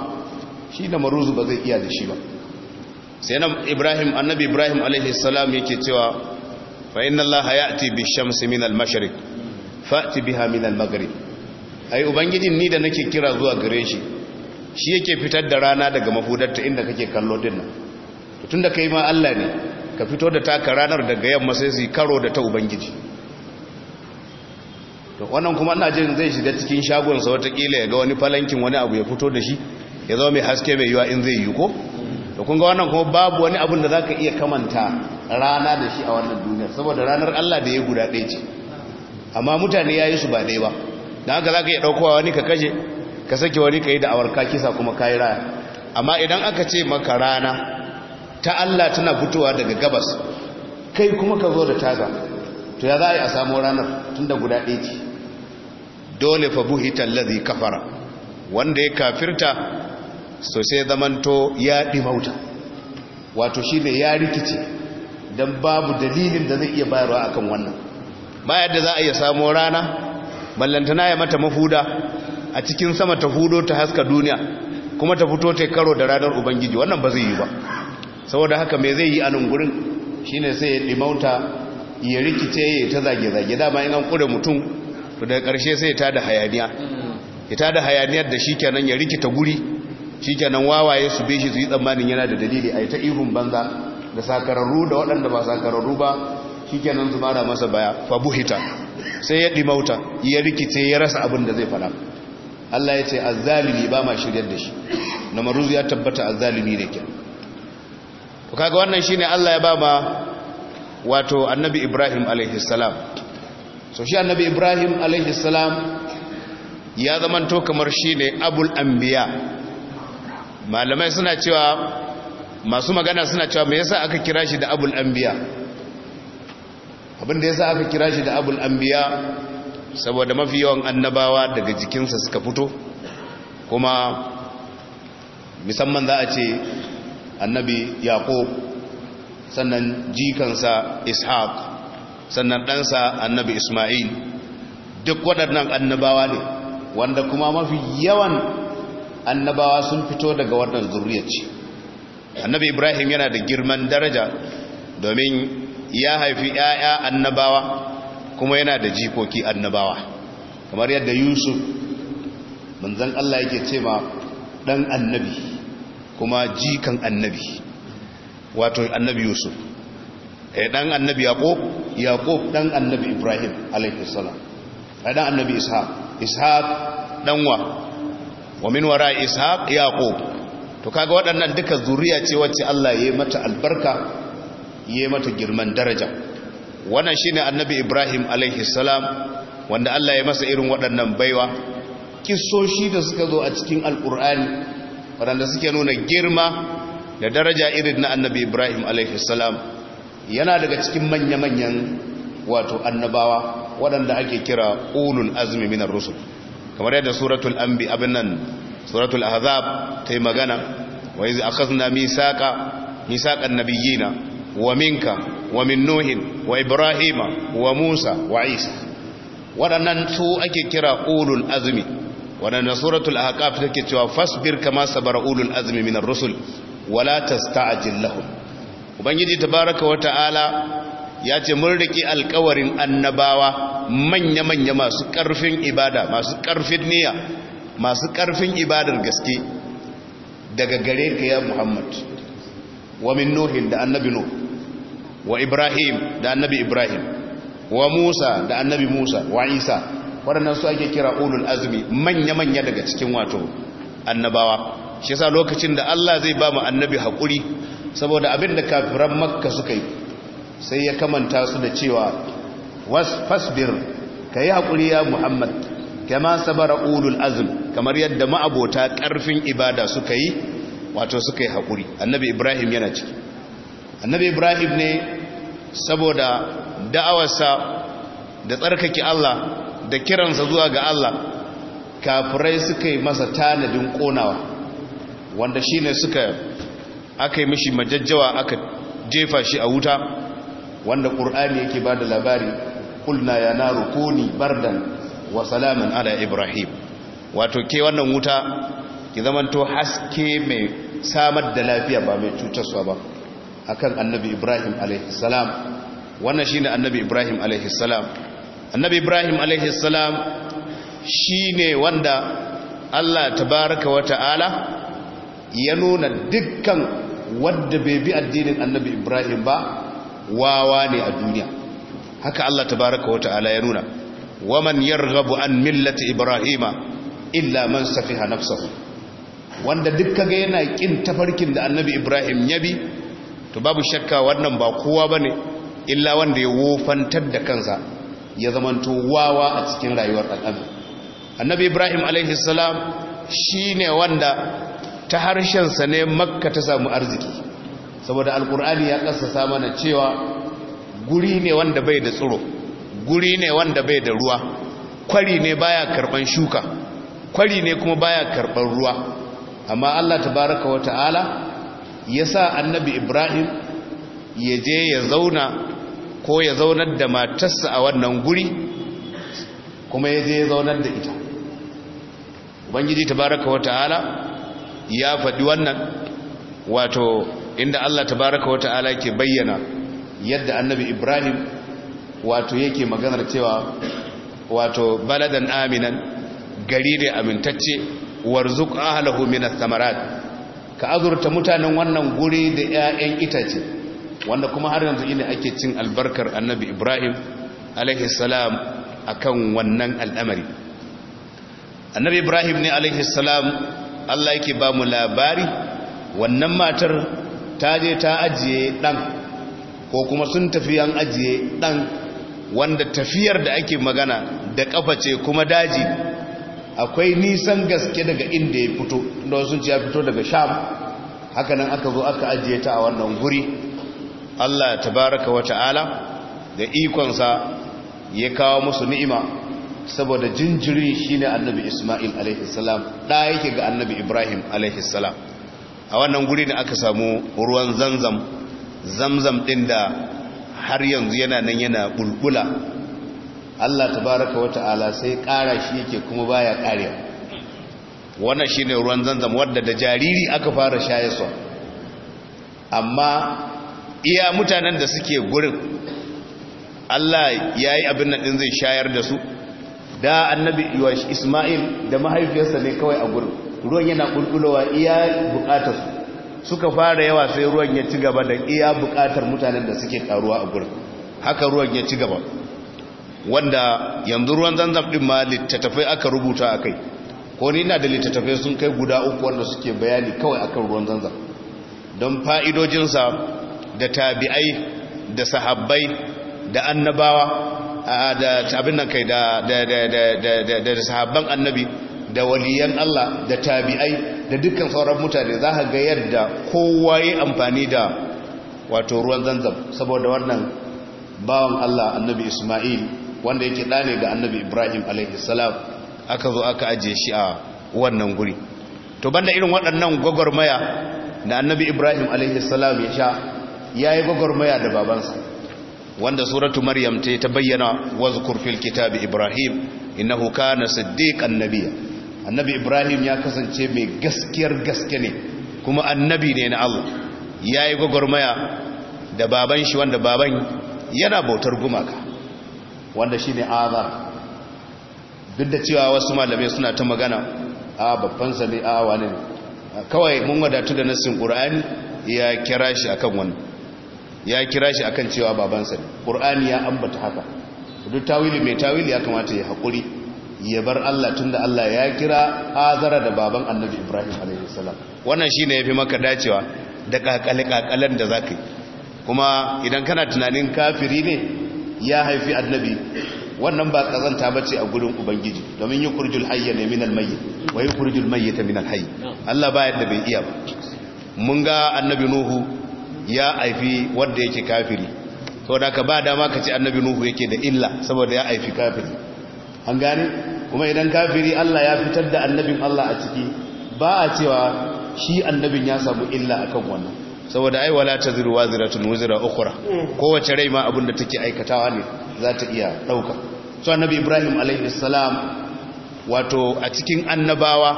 shi namaruzu ba zai iya da shi ba sai ibrahim annabi ibrahim alaihi salam yake cewa fa inna allaha ya'ti bi shamsi min al mashriq fa'ti biha min al maghrib ai ubangijin ni da nake kira zuwa gare shi shi yake fitar da rana daga mafudarta inda kake kallo din nan tunda kai ma Allah ne ka fito da taka ranar daga yamma sai su karo da ta ubangiji to wannan kuma ina jin zai shiga cikin shagon sa wata kila ya ga wani falankin wani abu ya fito da shi ya zama mai haske mai yuwa in zai yi ko da kun ga wannan kuma babu wani abin da zaka iya kamanta rana da shi a wannan duniyar saboda ranar Allah da ya guda ɗaya ce amma mutane ya yi su ba ɗaya ba da haka zaka iya ɗaukowa wani ka kashe ka sake wani ka yi da awarka kisa kuma ka yi raya amma idan aka ce maka rana ta Allah tana fitowa daga gabas kai kuma ka zo da taga. to ya za a yi a samu ranar tun da guda ɗaya ce dole fa buhitan ladhi kafara wanda ya kafirta so sai zamanto ya ɗimauta wato shi ne ya rikice don babu dalilin da zai iya bayarwa akan wannan bayar da za a iya samo rana ballantana ya mata mafuda a cikin sama ta hudo ta haska duniya kuma ta fito ta karo da ranar ubangiji wannan ba zai yi ba saboda haka mai zai yi a nan gurin shine sai ya ɗimauta ya rikice ya ta zage-zage dama in an kure mutum to daga ƙarshe sai ya tada hayaniya ya tada hayaniyar da shi kenan ya rikita guri shi kenan wawaye su bi shi su yi tsammanin yana da dalili a yi ta ihun banza da sakararru da waɗanda ba sakararru ba shi kenan su mara masa baya fabuhita sai ya ɗimauta ya rikice ya rasa abin da zai faɗa Allah ya ce azzalimi ba ma shiryar da shi na maruzu ya tabbata azzalimi da ke to kaga wannan shine Allah ya ba ma wato annabi Ibrahim alaihi salam so shi annabi Ibrahim alaihi ya zamanto kamar shine abul anbiya malamai suna cewa masu magana suna cewa me yasa aka kira shi da abul anbiya abinda yasa aka kira shi da abul anbiya saboda mafi yawan annabawa daga jikinsa suka fito kuma musamman za a ce annabi yaqub sannan jikansa ishaq sannan ɗansa annabi isma'il duk waɗannan annabawa ne wanda kuma mafi yawan annabawa sun fito daga wannan zurriya ce annabi ibrahim yana da girman daraja domin ya haifi 'ya'ya annabawa kuma yana da jikoki annabawa kamar yadda yusuf manzan allah yake ce ma ɗan annabi kuma jikan annabi wato annabi yusuf eh, ɗan annabi yaƙob yaƙob ɗan annabi ibrahim alaihissalam eh, ɗan annabi ishaq ishaq ɗanwa wa min wara ishaq yaqub to kaga waɗannan duka zuriya ce wacce Allah ya yi mata albarka ya yi mata girman daraja wannan shine annabi Ibrahim alaihi salam wanda Allah ya masa irin waɗannan baiwa kissoshi da suka zo a cikin alkur'ani waɗanda suke nuna girma da daraja irin na annabi Ibrahim alaihi salam yana daga cikin manya-manyan wato annabawa waɗanda ake kira ulul azmi minar rusul kamar yadda suratul anbi abin nan suratul ahzab ta yi magana wa iz akhadna misaqa nabiyina wa minka wa min nuhin wa ibrahima wa musa wa isa waɗannan su ake kira ulul azumi waɗanda suratul ahqaf take cewa fasbir kama sabara ulul azumi minar rusul wala tasta'jil lahum ubangiji tabaraka wa ta'ala ya ce mun alkawarin annabawa manya-manya masu ƙarfin ibada masu ƙarfin niyya masu ƙarfin ibadar gaske daga gare ka ya muhammad wa min nuhin da annabi nuh wa ibrahim da annabi ibrahim wa musa da annabi musa wa isa waɗannan su ake kira ulul azumi manya-manya daga cikin wato annabawa shi yasa lokacin da Allah zai ba mu annabi haƙuri saboda abin da kafiran makka suka yi sai ya kamanta su da cewa fasbir ka yi haƙuri ya muhammad kama sabara ulul azm kamar yadda ma'abota ƙarfin ibada suka yi wato suka yi haƙuri annabi ibrahim yana ciki annabi ibrahim ne saboda da'awarsa da tsarkake allah da kiransa zuwa ga allah kafirai suka yi masa tanadin ƙonawa wanda shine suka aka yi mishi majajjawa aka jefa shi a wuta wanda ƙur'ani yake ba da labari kulna ya na rukuni bardan wa salaman ala ibrahim wato ke wannan wuta ki zamanto haske mai samar da lafiya ba mai cutarsa ba a kan annabi ibrahim alaihissalam wannan shi ne annabi ibrahim alaihissalam annabi ibrahim alaihissalam shi ne wanda allah tabaraka wa ta'ala ya nuna dukkan wadda bai bi addinin annabi ibrahim ba wawa ne a duniya haka Allah tabaraka wa ta'ala ya nuna waman yarghabu an millati ibrahima illa man safiha nafsahu wanda duk kaga yana kin tafarkin da annabi ibrahim ya bi to babu shakka wannan ba kowa bane illa wanda ya wofantar da kansa ya zamanto wawa a cikin rayuwar al'amari annabi ibrahim alaihi salam shine wanda ta harshen sa ne makka ta samu arziki saboda alkur'ani ya kasasa mana cewa guri ne wanda bai da tsiro guri ne wanda bai da ruwa kwari ne baya karban shuka kwari ne kuma baya karban ruwa amma Allah tabaraka wa ta'ala ya sa annabi Ibrahim ya je ya zauna ko ya zaunar da matarsa a wannan guri kuma ya je ya zaunar da ita ubangiji tabaraka wa ta'ala ya faɗi wannan wato inda Allah tabaraka wa ta'ala ke bayyana yadda annabi Ibrahim wato yake maganar cewa wato baladan aminan gari da amintacce warzuq ahlahu minas samarat ka azurta mutanen wannan guri da 'ya'yan itace wanda kuma har yanzu ne ake cin albarkar annabi Ibrahim alaihi salam akan wannan al'amari annabi Ibrahim ne alaihi salam Allah yake ba mu labari wannan matar ta je ta ajiye ɗan ko kuma sun tafi an ajiye ɗan wanda tafiyar da ake magana da ce kuma daji akwai nisan gaske daga inda ya fito da sun ci ya fito daga sham hakanan aka zo aka ajiye ta a wannan guri allah tabaraka wa ta'ala da ikonsa ya kawo musu ni'ima saboda jinjiri shine annabi isma'il salam da yake ga annabi ibrahim salam a wannan guri da aka samu ruwan zamzam zamzam din da har yanzu yana nan yana bulbula Allah tabaraka wa ta'ala sai ƙara shi yake kuma baya ƙarewa wannan shine ruwan zamzam wanda da jariri aka fara shayarwa amma iya mutanen da suke gurin Allah yayi abin nan din zai shayar da su da annabi isma'il da mahaifiyarsa ne kawai a gurin ruwan yana kulkulowa iya bukatar suka fara yawa sai ruwan ya ci gaba da iya bukatar mutanen da suke karuwa a gurin haka ruwan ya ci gaba wanda yanzu ruwan zanzan din ma littattafai aka rubuta a kai ko ni na da littattafai sun kai guda uku wanda suke bayani kawai akan ruwan zanzab don fa'idojinsa da tabi'ai da sahabbai da annabawa da abin nan kai da sahabban annabi da waliyan Allah da tabi'ai da dukkan sauran mutane za ka ga yadda kowa ya amfani da wato ruwan zanzam saboda wannan bawan Allah annabi Ismail wanda yake dane ga annabi Ibrahim salam aka zo aka ajiye shi a wannan guri to banda irin waɗannan gwagwarmaya da annabi Ibrahim salam ya sha yayi yi gwagwarmaya da babansa wanda suratu maryam ta ta bayyana wazkur fil kitabi ibrahim innahu kana siddiqan nabiyya annabi ibrahim ya kasance mai gaskiyar gaske ne kuma annabi ne na Allah yayi gwagwarmaya da baban shi wanda baban yana bautar gumaka wanda shine azar duk da cewa wasu malamai suna ta magana a babban sa ne a wani kawai mun wadatu da nasin qur'ani ya kira shi akan wannan ya kira shi akan cewa babansa ne ƙur'ani ya ambata haka duk tawili mai tawili ya kamata ya haƙuri ya bar Allah tunda Allah ya kira azara da baban annabi Ibrahim alaihi salam wannan shine yafi maka dacewa da kakale kakalen da zaka yi kuma idan kana tunanin kafiri ne ya haifi annabi wannan ba kazanta bace a gurin ubangiji domin yukurjul hayya ne minal mayyit wa mayyita minal hayy Allah ba yadda bai iya ba mun ga annabi Nuhu ya aifi wanda yake kafiri saboda ka ba dama ka ce annabi nuhu yake da illa saboda ya aifi kafiri an gane kuma idan kafiri Allah ya fitar da annabin Allah a ciki ba a cewa shi annabin ya samu illa akan wannan saboda ai wala taziru waziratun wuzira ukhra kowace rai ma abinda take aikatawa ne za ta iya dauka to annabi Ibrahim alaihi salam wato a cikin annabawa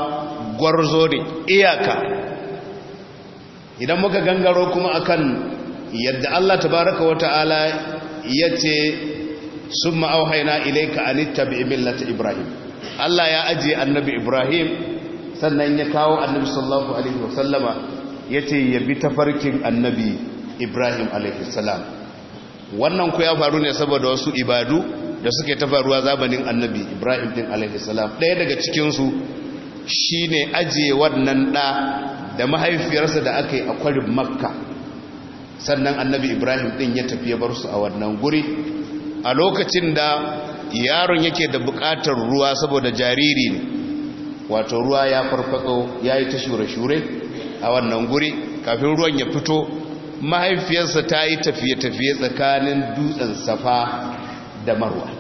gwarzo ne iyaka idan muka gangaro kuma akan yadda Allah tabaraka wa ta'ala ya ce sun ma'auhaina ilaika an tabi'i millata ibrahim Allah ya ajiye annabi ibrahim sannan ya kawo annabi sallallahu alaihi wasallama ya ce ya bi tafarkin annabi ibrahim alaihi salam wannan ku ya faru ne saboda wasu ibadu da suke ta faruwa zamanin annabi ibrahim din alaihi salam ɗaya daga cikinsu shi ne ajiye wannan ɗa da mahaifiyarsa da aka yi a kwarin makka sannan annabi ibrahim din ya tafi ya bar su a wannan guri a lokacin da yaron yake da bukatar ruwa saboda jariri ne wato ruwa ya farfado ya yi ta shure-shure a wannan guri kafin ruwan ya fito mahaifiyarsa ta yi tafiye-tafiye tsakanin dutsen safa da marwa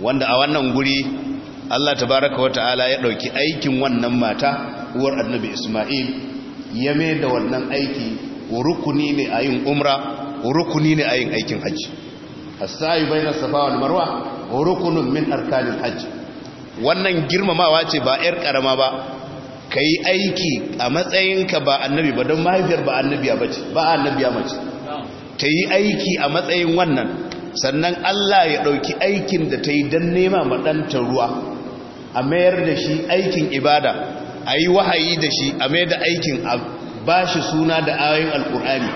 wanda a wannan guri Allah tabaraka wata'ala ya dauki aikin wannan mata uwar annabi Isma'il ya mai da wannan aiki rukuni ne a yin umra rukuni ne a yin aikin hajji as-sa'i bayna safa wal marwa rukunun min arkanil hajji wannan girmamawa ce ba yar karama ba kai aiki a matsayinka ba annabi ba don mahaifiyar ba annabiya bace ba annabiya mace yi aiki a matsayin wannan sannan Allah ya ɗauki aikin da ta yi don nema maɗanta ruwa a mayar da shi aikin ibada a yi wahayi da shi a mayar da aikin a ba shi suna da ayoyin alkur'ani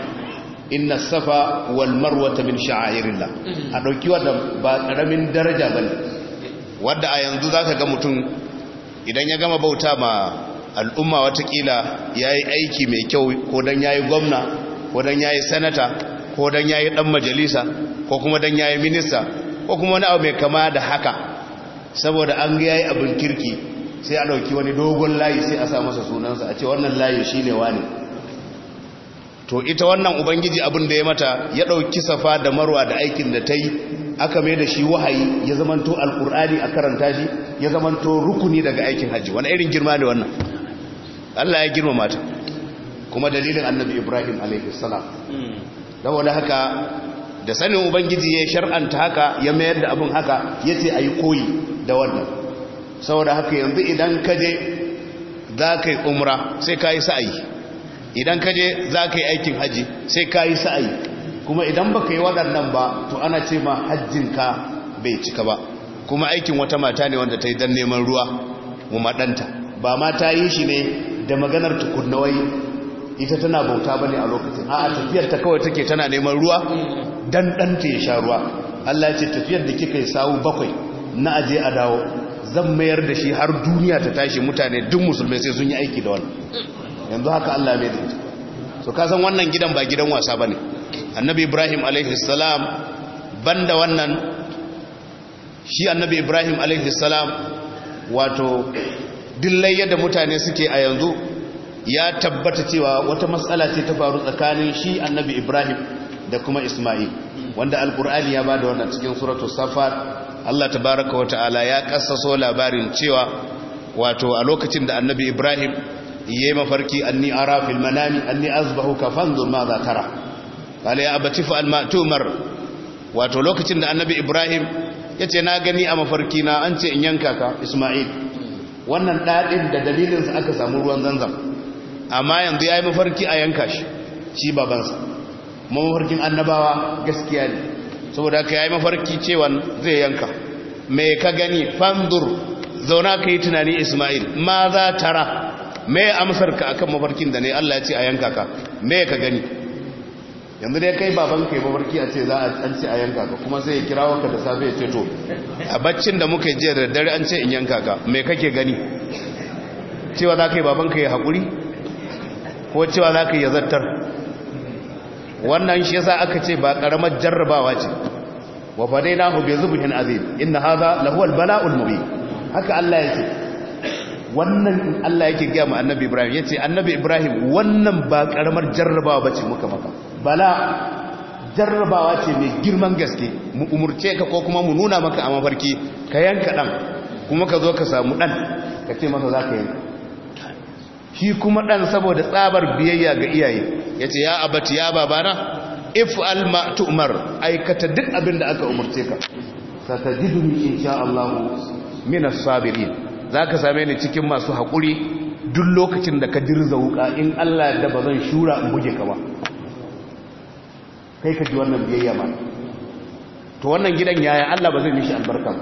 inna safa wal marwata min sha'airillah a ɗauki wadda ba ƙaramin daraja ba ne wadda a yanzu za ka ga mutum idan ya gama bauta ma al'umma watakila ya yi aiki mai kyau ko don ya yi gwamna ko don ya yi sanata ko don ya yi ɗan majalisa ko kuma don ya yi minista ko kuma wani abu mai kama da haka saboda an ga yayi abin kirki sai a dauki wani dogon layi sai a sa masa sunansa a ce wannan layi shine wani to ita wannan ubangiji abin da ya mata ya dauki safa da marwa da aikin da ta yi aka mai da shi wahayi ya zamanto alkur'ani a karanta shi ya zamanto rukuni daga aikin hajji wani irin girma ne wannan Allah ya girma mata kuma dalilin annabi Ibrahim alaihi salam hmm. don wani haka da sanin ubangiji ya shar'anta haka ya mayar da abin haka ya ce a yi koyi da wannan saboda haka yanzu idan ka je za ka yi umra sai ka yi sa'ayi idan ka je za ka yi aikin haji sai ka yi sa'ayi kuma idan ba ka yi waɗannan ba to ana ce ma hajjinka bai cika ba kuma aikin wata mata ne wanda ta yi don neman ruwa mu maɗanta ba ma ta yi shi ne da maganar tukunawai ita tana bauta bane a lokacin a'a tafiyar ta kawai take tana neman ruwa dan dan ta ya sha ruwa Allah ya ce tafiyar da kika yi sawu bakwai na aje a dawo zan mayar da shi har duniya ta tashi mutane duk musulmai sai sun yi aiki da wani. yanzu haka Allah mai da so ka san wannan gidan ba gidan wasa ba ne. annabi Ibrahim alaihi salam da wannan shi annabi Ibrahim alaihi salam wato dillai da mutane suke a yanzu ya tabbata cewa wata matsala ce ta faru tsakanin shi annabi ibrahim da kuma isma'il wanda alkur'ani ya bada wannan cikin suratul safar allah tabaraka wa ta'ala ya kassaso labarin cewa wato a lokacin da annabi ibrahim ya yi mafarki anni ara fil manami anni azbahu ka fanzur ma za tara qala ya abati fa'al ma tumar wato lokacin da annabi ibrahim ya ce na gani a mafarki na an ce in yanka ka isma'il wannan ɗaɗin da dalilinsa aka samu ruwan zanzam amma yanzu ya yi mafarki a yanka shi shi babansa mafarkin annabawa gaskiya ne saboda ka ya yi mafarki cewa zai yanka mai ka gani fandur zauna ka yi tunani ismail ma za tara mai amsar ka akan mafarkin da ne allah ya ce a yanka ka mai ka gani yanzu dai kai baban kai mafarki a ce za a an ce a yanka ka kuma sai ya kira wanka da safe ya ce to a baccin da muka je da dare an ce in yanka ka mai kake gani cewa za ka yi baban ka ya haƙuri ko cewa za ka yi zartar wannan shi yasa aka ce ba karamar jarrabawa ce wa fadainahu bi zubhin azim inna hadha lahu al-bala'ul mubin haka Allah ya ce wannan Allah yake gaya ma annabi Ibrahim yace annabi Ibrahim wannan ba karamar jarrabawa bace muka maka bala jarrabawa ce mai girman gaske mu umurce ka ko kuma mu nuna maka a mafarki ka yanka dan kuma ka zo ka samu dan ka ce masa za ka yanka shi kuma ɗan saboda tsabar biyayya ga iyaye ya ce ya abati ya babana if alma umar aikata duk abin da aka umarce ka satajiduni insha Allah min as-sabirin zaka same ni cikin masu hakuri duk lokacin da ka dirza wuka in Allah da bazan shura in buge ka ba kai ka ji wannan biyayya ba to wannan gidan yaya Allah ba zai mishi albarka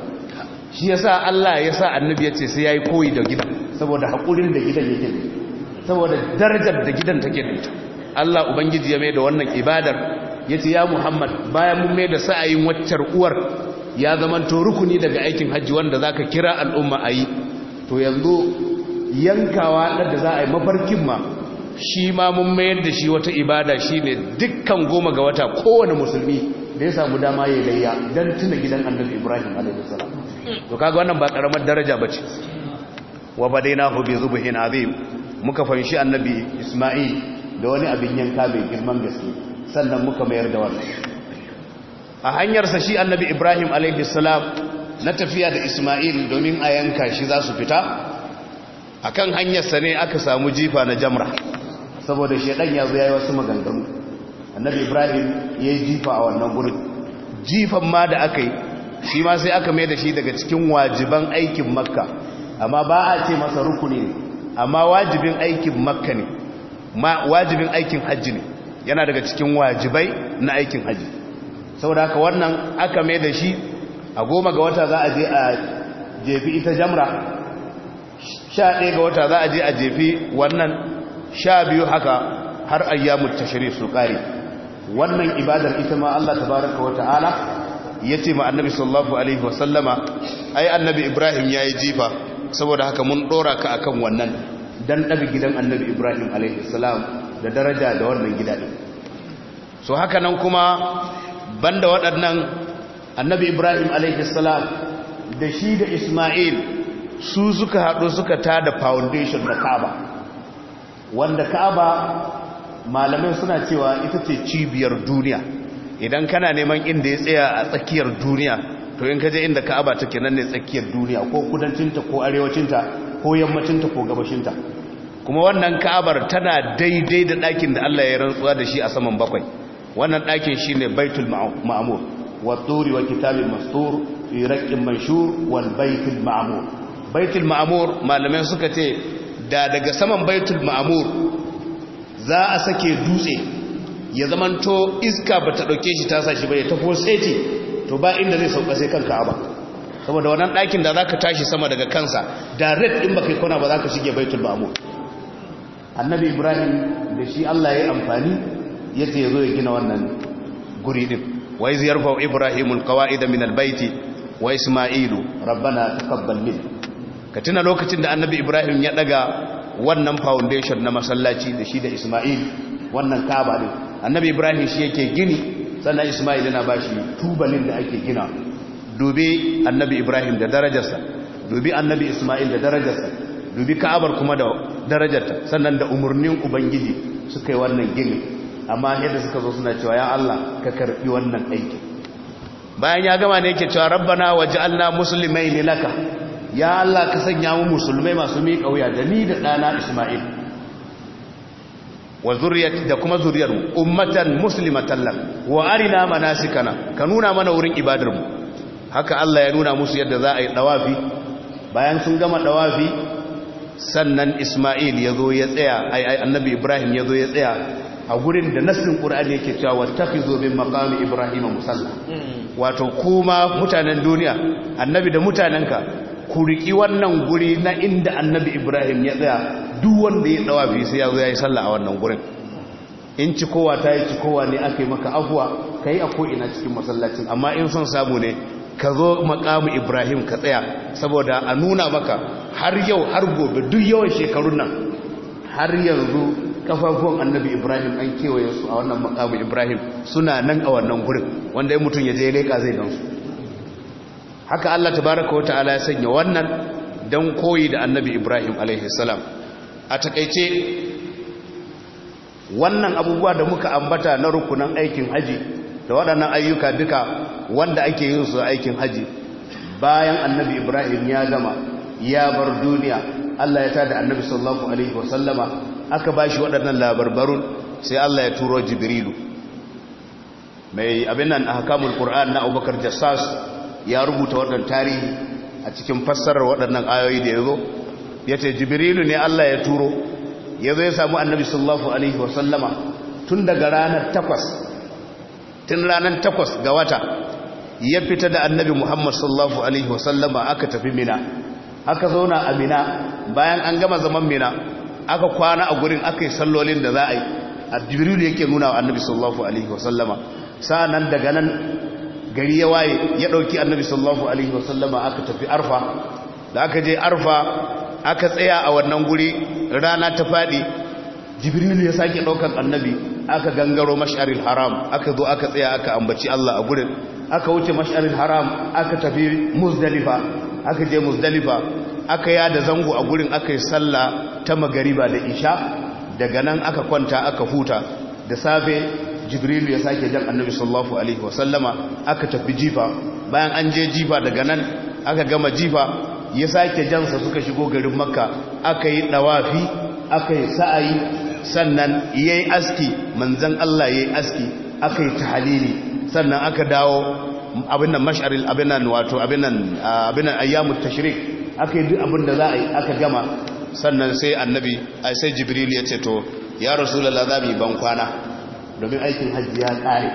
shi yasa Allah yasa annabi yace sai yayi koyi da gidan saboda hakurin da gidan yake saboda darajar da gidan take da ita Allah ubangiji ya mai da wannan ibadar yace ya Muhammad bayan mun mai da sa'ayin waccar uwar ya zamanto rukuni daga aikin haji wanda zaka kira al'umma ayi to yanzu yankawa da za a yi mafarkin ma shi ma mun mayar da shi wata ibada shine dukkan goma ga wata kowane musulmi da ya samu dama ya layya don tuna gidan annabi Ibrahim alaihi to kaga wannan ba karamar daraja bace wa badainahu bi zubhin azim muka fanshi annabi isma'il da wani abin yanka mai girman gaske sannan muka mayar da wannan a hanyarsa shi annabi ibrahim salam na tafiya da isma'il domin a yanka shi za su fita a kan hanyarsa ne aka samu jifa na jamra saboda shaidan ya zo ya yi wasu maganganu annabi ibrahim ya yi jifa a wannan gurin jifan ma da aka yi shi ma sai aka mai da shi daga cikin wajiban aikin makka amma ba a ce masa rukuni ne amma wajibin aikin makka ne wajibin aikin hajji ne yana daga cikin wajibai na aikin hajji saboda haka wannan aka mai da shi a goma ga wata za a je a jefi ita jamra sha ɗaya ga wata za a je a jefi wannan sha biyu haka har ayyamu tashiri su ƙari wannan ibadar ita ma Allah tabaraka wa ta'ala ya ce ma annabi sallallahu alaihi wasallama ai annabi ibrahim ya yi jifa saboda haka mun dora ka akan wannan dan ɗabi gidan annabi ibrahim salam da daraja da wannan gida din so haka nan kuma banda waɗannan annabi ibrahim salam da shi da isma'il su suka haɗu suka tada foundation da kaba wanda Ka'aba malamai suna cewa ita ce cibiyar duniya idan kana neman inda ya tsaya a tsakiyar duniya to in kaje inda ka'aba take nan ne tsakiyar duniya ko kudancinta ko arewacinta ko yammacinta ko gabashinta kuma wannan ka'abar tana daidai da ɗakin da Allah ya rantsuwa da shi a saman bakwai wannan ɗakin shi ne baitul ma'amur wa turi wa kitabin mastur fi raƙin manshur wal baitul ma'amur baitul ma'amur malamai suka ce da daga saman baitul ma'amur za a sake dutse ya zamanto iska ba ta ɗauke shi ta sa shi ba ya tafo seti to ba inda zai sauka sai kan ka'aba saboda wannan ɗakin da za ka tashi sama daga kansa direct in ba kai kona ba za ka shige baitul ma'amur annabi ibrahim da shi allah ya yi amfani ya ce ya zo ya gina wannan guri ɗin wai ziyar fa ibrahimul kawa'ida min albaiti wa isma'ilu rabbana taqabbal min ka tuna lokacin da annabi ibrahim ya daga wannan foundation na masallaci da shi da isma'il wannan kaba ne annabi ibrahim shi yake gini sannan ismail yana ba shi tubalin da ake gina dubi annabi ibrahim da darajarsa dubi annabi ismail da darajarsa dubi ka'abar kuma da darajarta sannan da umarnin ubangiji suka yi wannan gini amma yadda suka zo suna cewa ya allah ka karbi wannan aiki bayan ya gama ne yake cewa rabbana waj'alna ne laka ya allah ka sanya mu musulmai masu miƙa wuya da ni da ɗana ismail wa zuriyati da kuma zuriyar ummatan muslimatan lak wa arina manasikana ka nuna mana wurin ibadar mu haka Allah ya nuna musu yadda za a yi dawafi bayan sun gama dawafi sannan Isma'il ya zo ya tsaya ai annabi Ibrahim ya zo ya tsaya a gurin da nassin Qur'ani yake cewa wattakhizu min maqami ibrahim musalla mm. wato kuma mutanen duniya annabi da mutanenka ku riki wannan guri na inda annabi Ibrahim ya tsaya duk wanda ya dawa fi sai ya zo ya yi sallah a wannan gurin in ci kowa ta yi ci kowa ne aka yi maka afuwa ka yi a ko'ina cikin masallacin amma in son samu ne ka zo makamu ibrahim ka tsaya saboda a nuna maka har yau har gobe duk yawan shekarun nan har yanzu kafafuwan annabi ibrahim an kewaye su a wannan makamu ibrahim suna nan a wannan gurin wanda ya mutum ya je leka zai gansu haka allah tabaraka wa ta'ala ya sanya wannan don koyi da annabi ibrahim alaihi salam a takaice wannan abubuwa da muka ambata na rukunan aikin haji da waɗannan ayyuka duka wanda ake yin su aikin haji bayan annabi ibrahim ya gama ya bar duniya allah ya da annabi sallallahu alaihi wasallama aka ba shi waɗannan labarbarun sai allah ya turo jibrilu mai abin nan a hakamul ƙur'an na abubakar jassas ya rubuta waɗannan tarihi a cikin fassarar waɗannan ayoyi da ya zo ya ce jibirilu ne Allah ya turo ya zo ya samu annabi sallallahu alaihi wasallama tun daga ranar takwas tun ranar takwas ga wata ya fita da annabi muhammad sallallahu alaihi wasallama aka tafi mina aka zauna a mina bayan an gama zaman mina aka kwana a gurin aka yi sallolin da za a yi a jibirilu yake nuna wa annabi sallallahu alaihi wasallama sa'annan daga nan gari ya waye ya ɗauki annabi sallallahu alaihi wasallama aka tafi arfa da aka je arfa aka tsaya a wannan guri rana ta faɗi jibrilu ya sake ɗaukar annabi aka gangaro mash'aril haram aka zo aka tsaya aka ambaci Allah a gurin aka wuce mash'aril haram aka tafi muzdalifa aka je muzdalifa aka yada zango a gurin aka yi sallah ta magariba da isha daga nan aka kwanta aka huta da safe jibrilu ya sake jan annabi sallallahu alaihi wasallama aka tafi jifa bayan an je jifa daga nan aka gama jifa ya sake jansa suka shigo garin makka aka yi dawafi aka yi sa'ayi sannan ya yi aski manzan Allah ya yi aski aka yi tahalili sannan aka dawo abinan masharil abinan wato abinan ayyamu tashrik aka yi duk abin da za a yi aka gama sannan sai annabi a sai jibril ya ce to ya rasulallah za mu yi ban kwana domin aikin hajji ya tsari.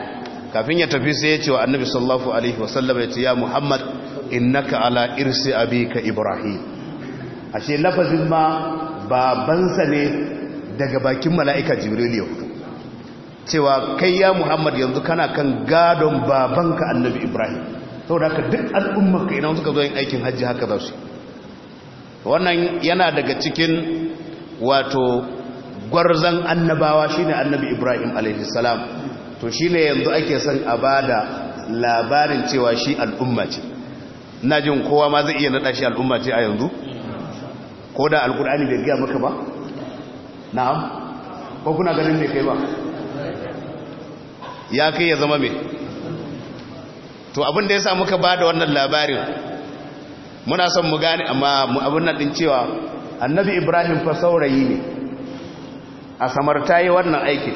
kafin ya tafi sai ya ce wa annabi sallallahu alaihi wasallam ya ce ya muhammad innaka ala irsi abika ibrahim ashe lafazin ma babansa ne daga bakin mala'ika jibril ya fito cewa kai ya muhammad yanzu kana kan gadon babanka annabi ibrahim saboda haka duk al'ummarka idan suka zo yin aikin hajji haka za su wannan yana daga cikin wato gwarzan annabawa shine annabi ibrahim salam to shine yanzu ake son a bada labarin cewa shi al'umma ce na jin kowa ma zai iya naɗa shi al'umma ce a yanzu ko da alkur'ani bai gaya maka ba na'am ko kuna ganin ne kai ba ya kai ya zama mai to abin da ya sa muka ba da wannan labarin muna son mu gane amma abin nan ɗin cewa annabi ibrahim fa saurayi ne a samarta yi wannan aikin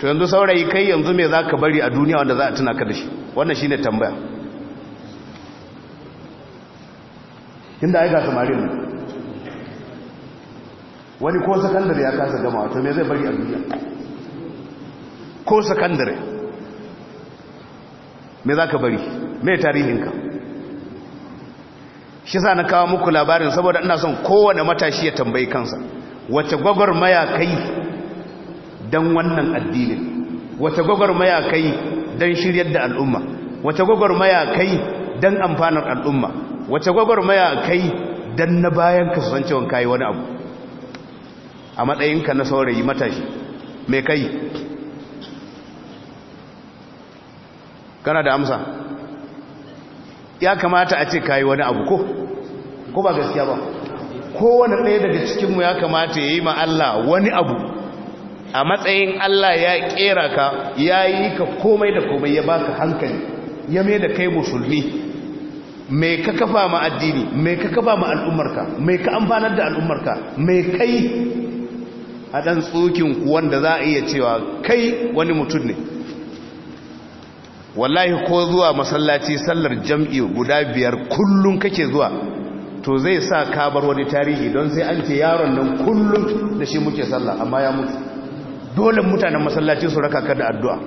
to yanzu saurayi kai yanzu mai za ka bari a duniya wanda za a tuna ka da shi wannan shi ne tambaya Inda ya ga samarin wani ko sakandare ya kasa gama wato me zai bari a duniya ko sakandare me za ka bari mai tarihinka shi sa na kawo muku labarin saboda ina son kowane matashi ya tambayi kansa wace maya kai don wannan addinin gwagwar maya kai don shiryar da al'umma gwagwar maya kai don amfanar al'umma wace maya kai don na bayan ka san cewa wani abu a matsayinka na saurayi matashi mai kai kana da amsa ya kamata a ce kayi wani abu ko ko ba gaskiya ba kowane ɗaya daga cikinmu ya kamata ya yi ma Allah wani abu a matsayin Allah ya ƙera ka ya yi ka komai da komai ya baka hankali ya mai da kai musulmi mai ka kafa ma addini mai ka kafa ma al'ummarka mai ka amfanar da al'ummarka mai kai a ɗan tsokin wanda za a iya cewa kai wani mutum ne wallahi ko zuwa masallaci sallar jam'i guda biyar kullum kake zuwa to zai sa ka bar wani tarihi don sai an ce yaron nan kullum da shi muke sallah amma ya mutu dole mutanen masallaci su raka ka da addu'a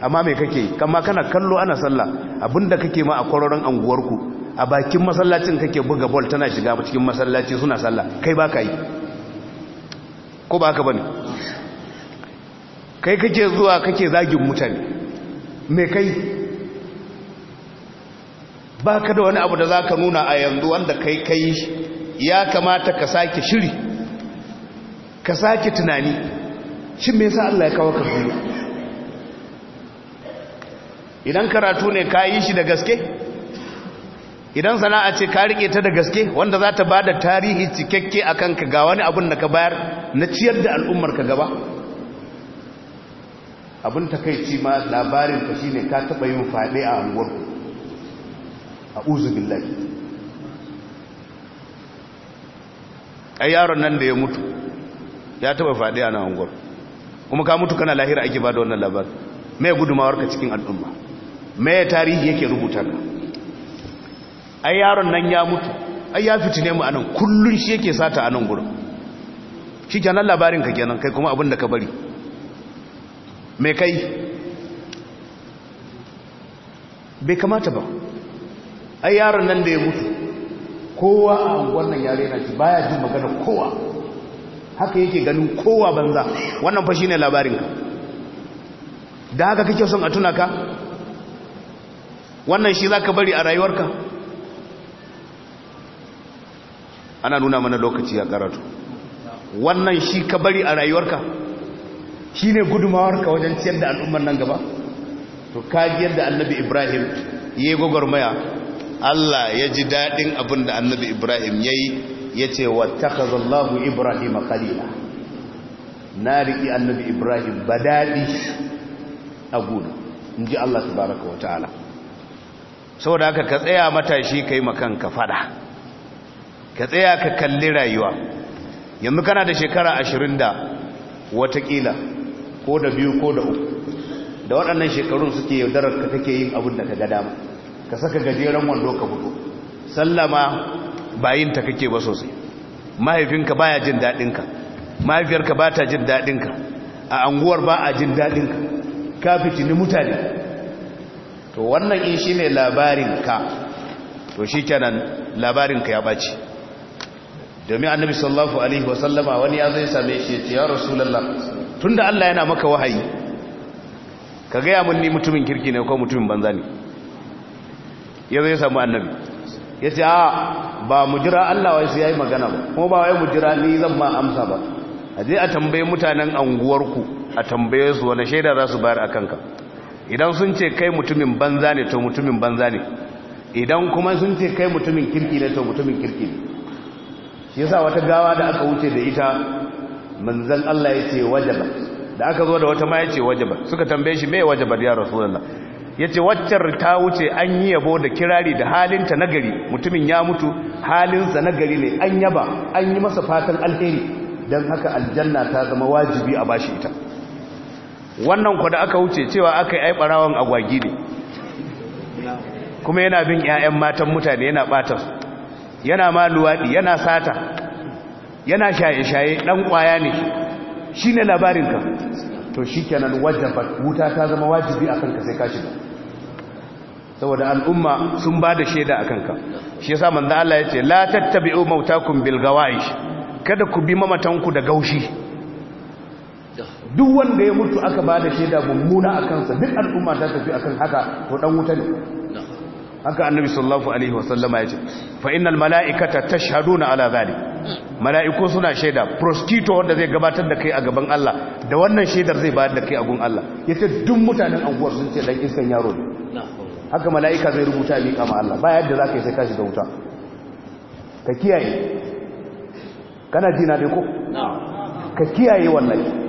amma mai kake kama kana kallo ana sallah abinda kake ma a kwararon anguwarku a bakin masallacin kake buga bol tana shiga cikin masallaci suna sallah kai ba ka yi ko ba ka ba ne kai kake zuwa kake zagin mutane mai kai ba ka da wani abu da za ka nuna a yanzu wanda kai kai ya kamata ka sake shiri ka sake tunani shi me yasa Allah ya kawo ka idan karatu ne ka yi shi da gaske idan sana'a ce ka rike ta da gaske wanda za ta ba da tarihi cikakke a kanka ga wani abin da ka bayar na ciyar da al'ummar ka gaba abin takaici ma labarin ka shi ne ka taɓa yin faɗe a anguwar a uzubin lafi a yaron nan da ya mutu ya taɓa faɗe a anguwar kuma ka mutu kana lahira ake ba da wannan labarin mai gudumawar ka cikin al'umma mai tarihi yake rubuta ka ai yaron nan ya mutu ai ya fitine mu anan kullun shi yake sata anan gurin shi kenan labarin ka kenan kai kuma abin da ka bari mai kai bai kamata ba ai yaron nan da ya mutu kowa a wannan yare na shi baya jin magana kowa haka yake ganin kowa banza wannan fa shine labarin ka da haka kake son a tuna ka wannan shi za ka bari a rayuwarka ana nuna mana lokaci a karatu wannan shi ka bari a rayuwarka shi ne gudunmawarka wajen ciyar da al'ummar nan gaba to kagiyar da annabi ibrahim ya yi gwagwarmaya allah ya ji daɗin abin da annabi ibrahim ya yi ya ce wa takazallahu ibrahim khalila na riƙi annabi ibrahim ba daɗi a gudu in ji allah tabaraka wa ta'ala saboda haka ka tsaya matashi kai makanka fada ka tsaya ka kalli rayuwa yanzu kana da shekara ashirin da watakila ko da biyu ko da uku da waɗannan shekarun suke yaudarar ka take yin abin da ka ga dama ka saka gajeren wando ka fito sallama bayin ta kake ba sosai mahaifinka baya jin daɗinka mahaifiyarka ba ta jin ka. a anguwar ba a jin daɗinka ka fitini mutane to wannan in shi ne labarinka to shi kenan labarinka ya ɓaci domin annabi sallallahu alaihi wasallama wani ya zai same shi ya rasulallah tun da allah yana maka wahayi ka gaya mun ni mutumin kirki ne ko mutumin banza ne ya zai samu annabi ya ce a ba mu jira allah wai su ya yi magana ba kuma ba wai mu jira ni zan ma amsa ba a je a tambaye mutanen anguwarku a tambaye su wani shaida za su bayar a kanka idan sun ce kai mutumin banza ne to mutumin banza ne idan kuma sun ce kai mutumin kirki ne to mutumin kirki ne shi yasa wata gawa da aka wuce da ita manzon Allah ya ce wajaba da aka zo da wata ma ya ce wajaba suka tambaye shi me wajaba ya rasulullah ya ce waccar ta wuce an yi yabo da kirari da halinta nagari mutumin ya mutu halinsa nagari ne an yaba an yi masa fatan alheri don haka aljanna ta zama wajibi a bashi ita wannan ku da aka wuce cewa aka yi ai agwagi ne kuma yana bin 'ya'yan matan mutane yana ɓata yana ma luwaɗi yana sata yana shaye-shaye ɗan ƙwaya ne shi ne labarinka to shi kenan wajabar wuta ta zama wajibi a kanka sai ka saboda al'umma sun ba da shaida a kanka shi yasa da Allah ya ce la tattabi'u mautakum bil kada ku bi mamatan ku da gaushi duk wanda ya mutu aka ba da shaida mummuna a kansa duk al'umma ta tafi kan haka to dan wuta ne haka annabi sallallahu alaihi wasallama ya ce fa innal mala'ikata tashhaduna ala zalik mala'iku suna shaida prosecutor wanda zai gabatar da kai a gaban Allah da wannan shaidar zai bayar da kai a gun Allah yace duk mutanen anguwar sun ce dan iskan yaro ne haka mala'ika zai rubuta ni kama Allah ba yadda zaka yi sai ka shiga wuta ka kiyaye kana jina dai ko ka kiyaye wallahi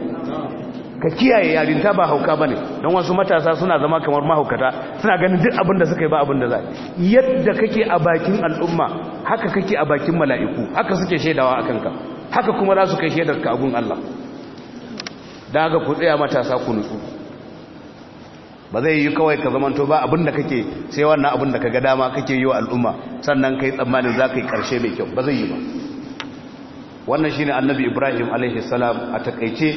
ka kiyaye yarinta ba hauka ba ne don wasu matasa suna zama kamar mahaukata suna ganin duk abin da suka yi ba abin da za yadda kake a bakin al'umma haka kake a bakin mala'iku haka suke shaidawa a kanka haka kuma za su kai shaidar ka abun Allah da ku tsaya matasa ku nutsu ba zai yi kawai ka zamanto ba abin da kake sai wannan abin da ka ga dama kake yi wa al'umma sannan kai tsammanin za ka yi ƙarshe mai kyau ba zai yi ba wannan shine annabi ibrahim alaihi salam a takaice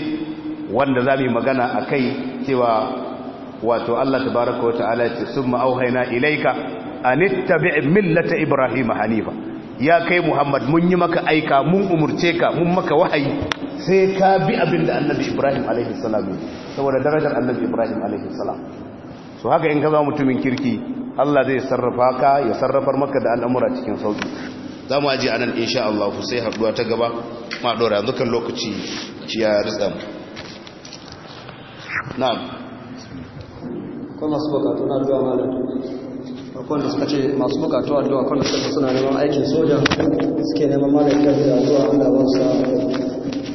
wanda za mu yi magana a kai cewa wato Allah tabaraka wa ta'ala Ya ce sun ma'auhaina ilaika an ittabi millata ibrahim hanifa ya kai muhammad mun yi maka aika mun umurce ka mun maka wahayi sai ka bi abin da annabi ibrahim alaihi salam saboda darajar annabi ibrahim alaihi salam so haka in ka zama mutumin kirki Allah zai sarrafa ka ya sarrafar maka da al'amura cikin sauki za mu aji anan insha Allah sai haɗuwa ta gaba ma dora yanzu kan lokaci ciya rizqa na'am kuma masu bukatu na zuwa malam akwai da suka ce masu bukatu a duwa kwanda na suna neman aikin soja suke neman malam kan da zuwa allah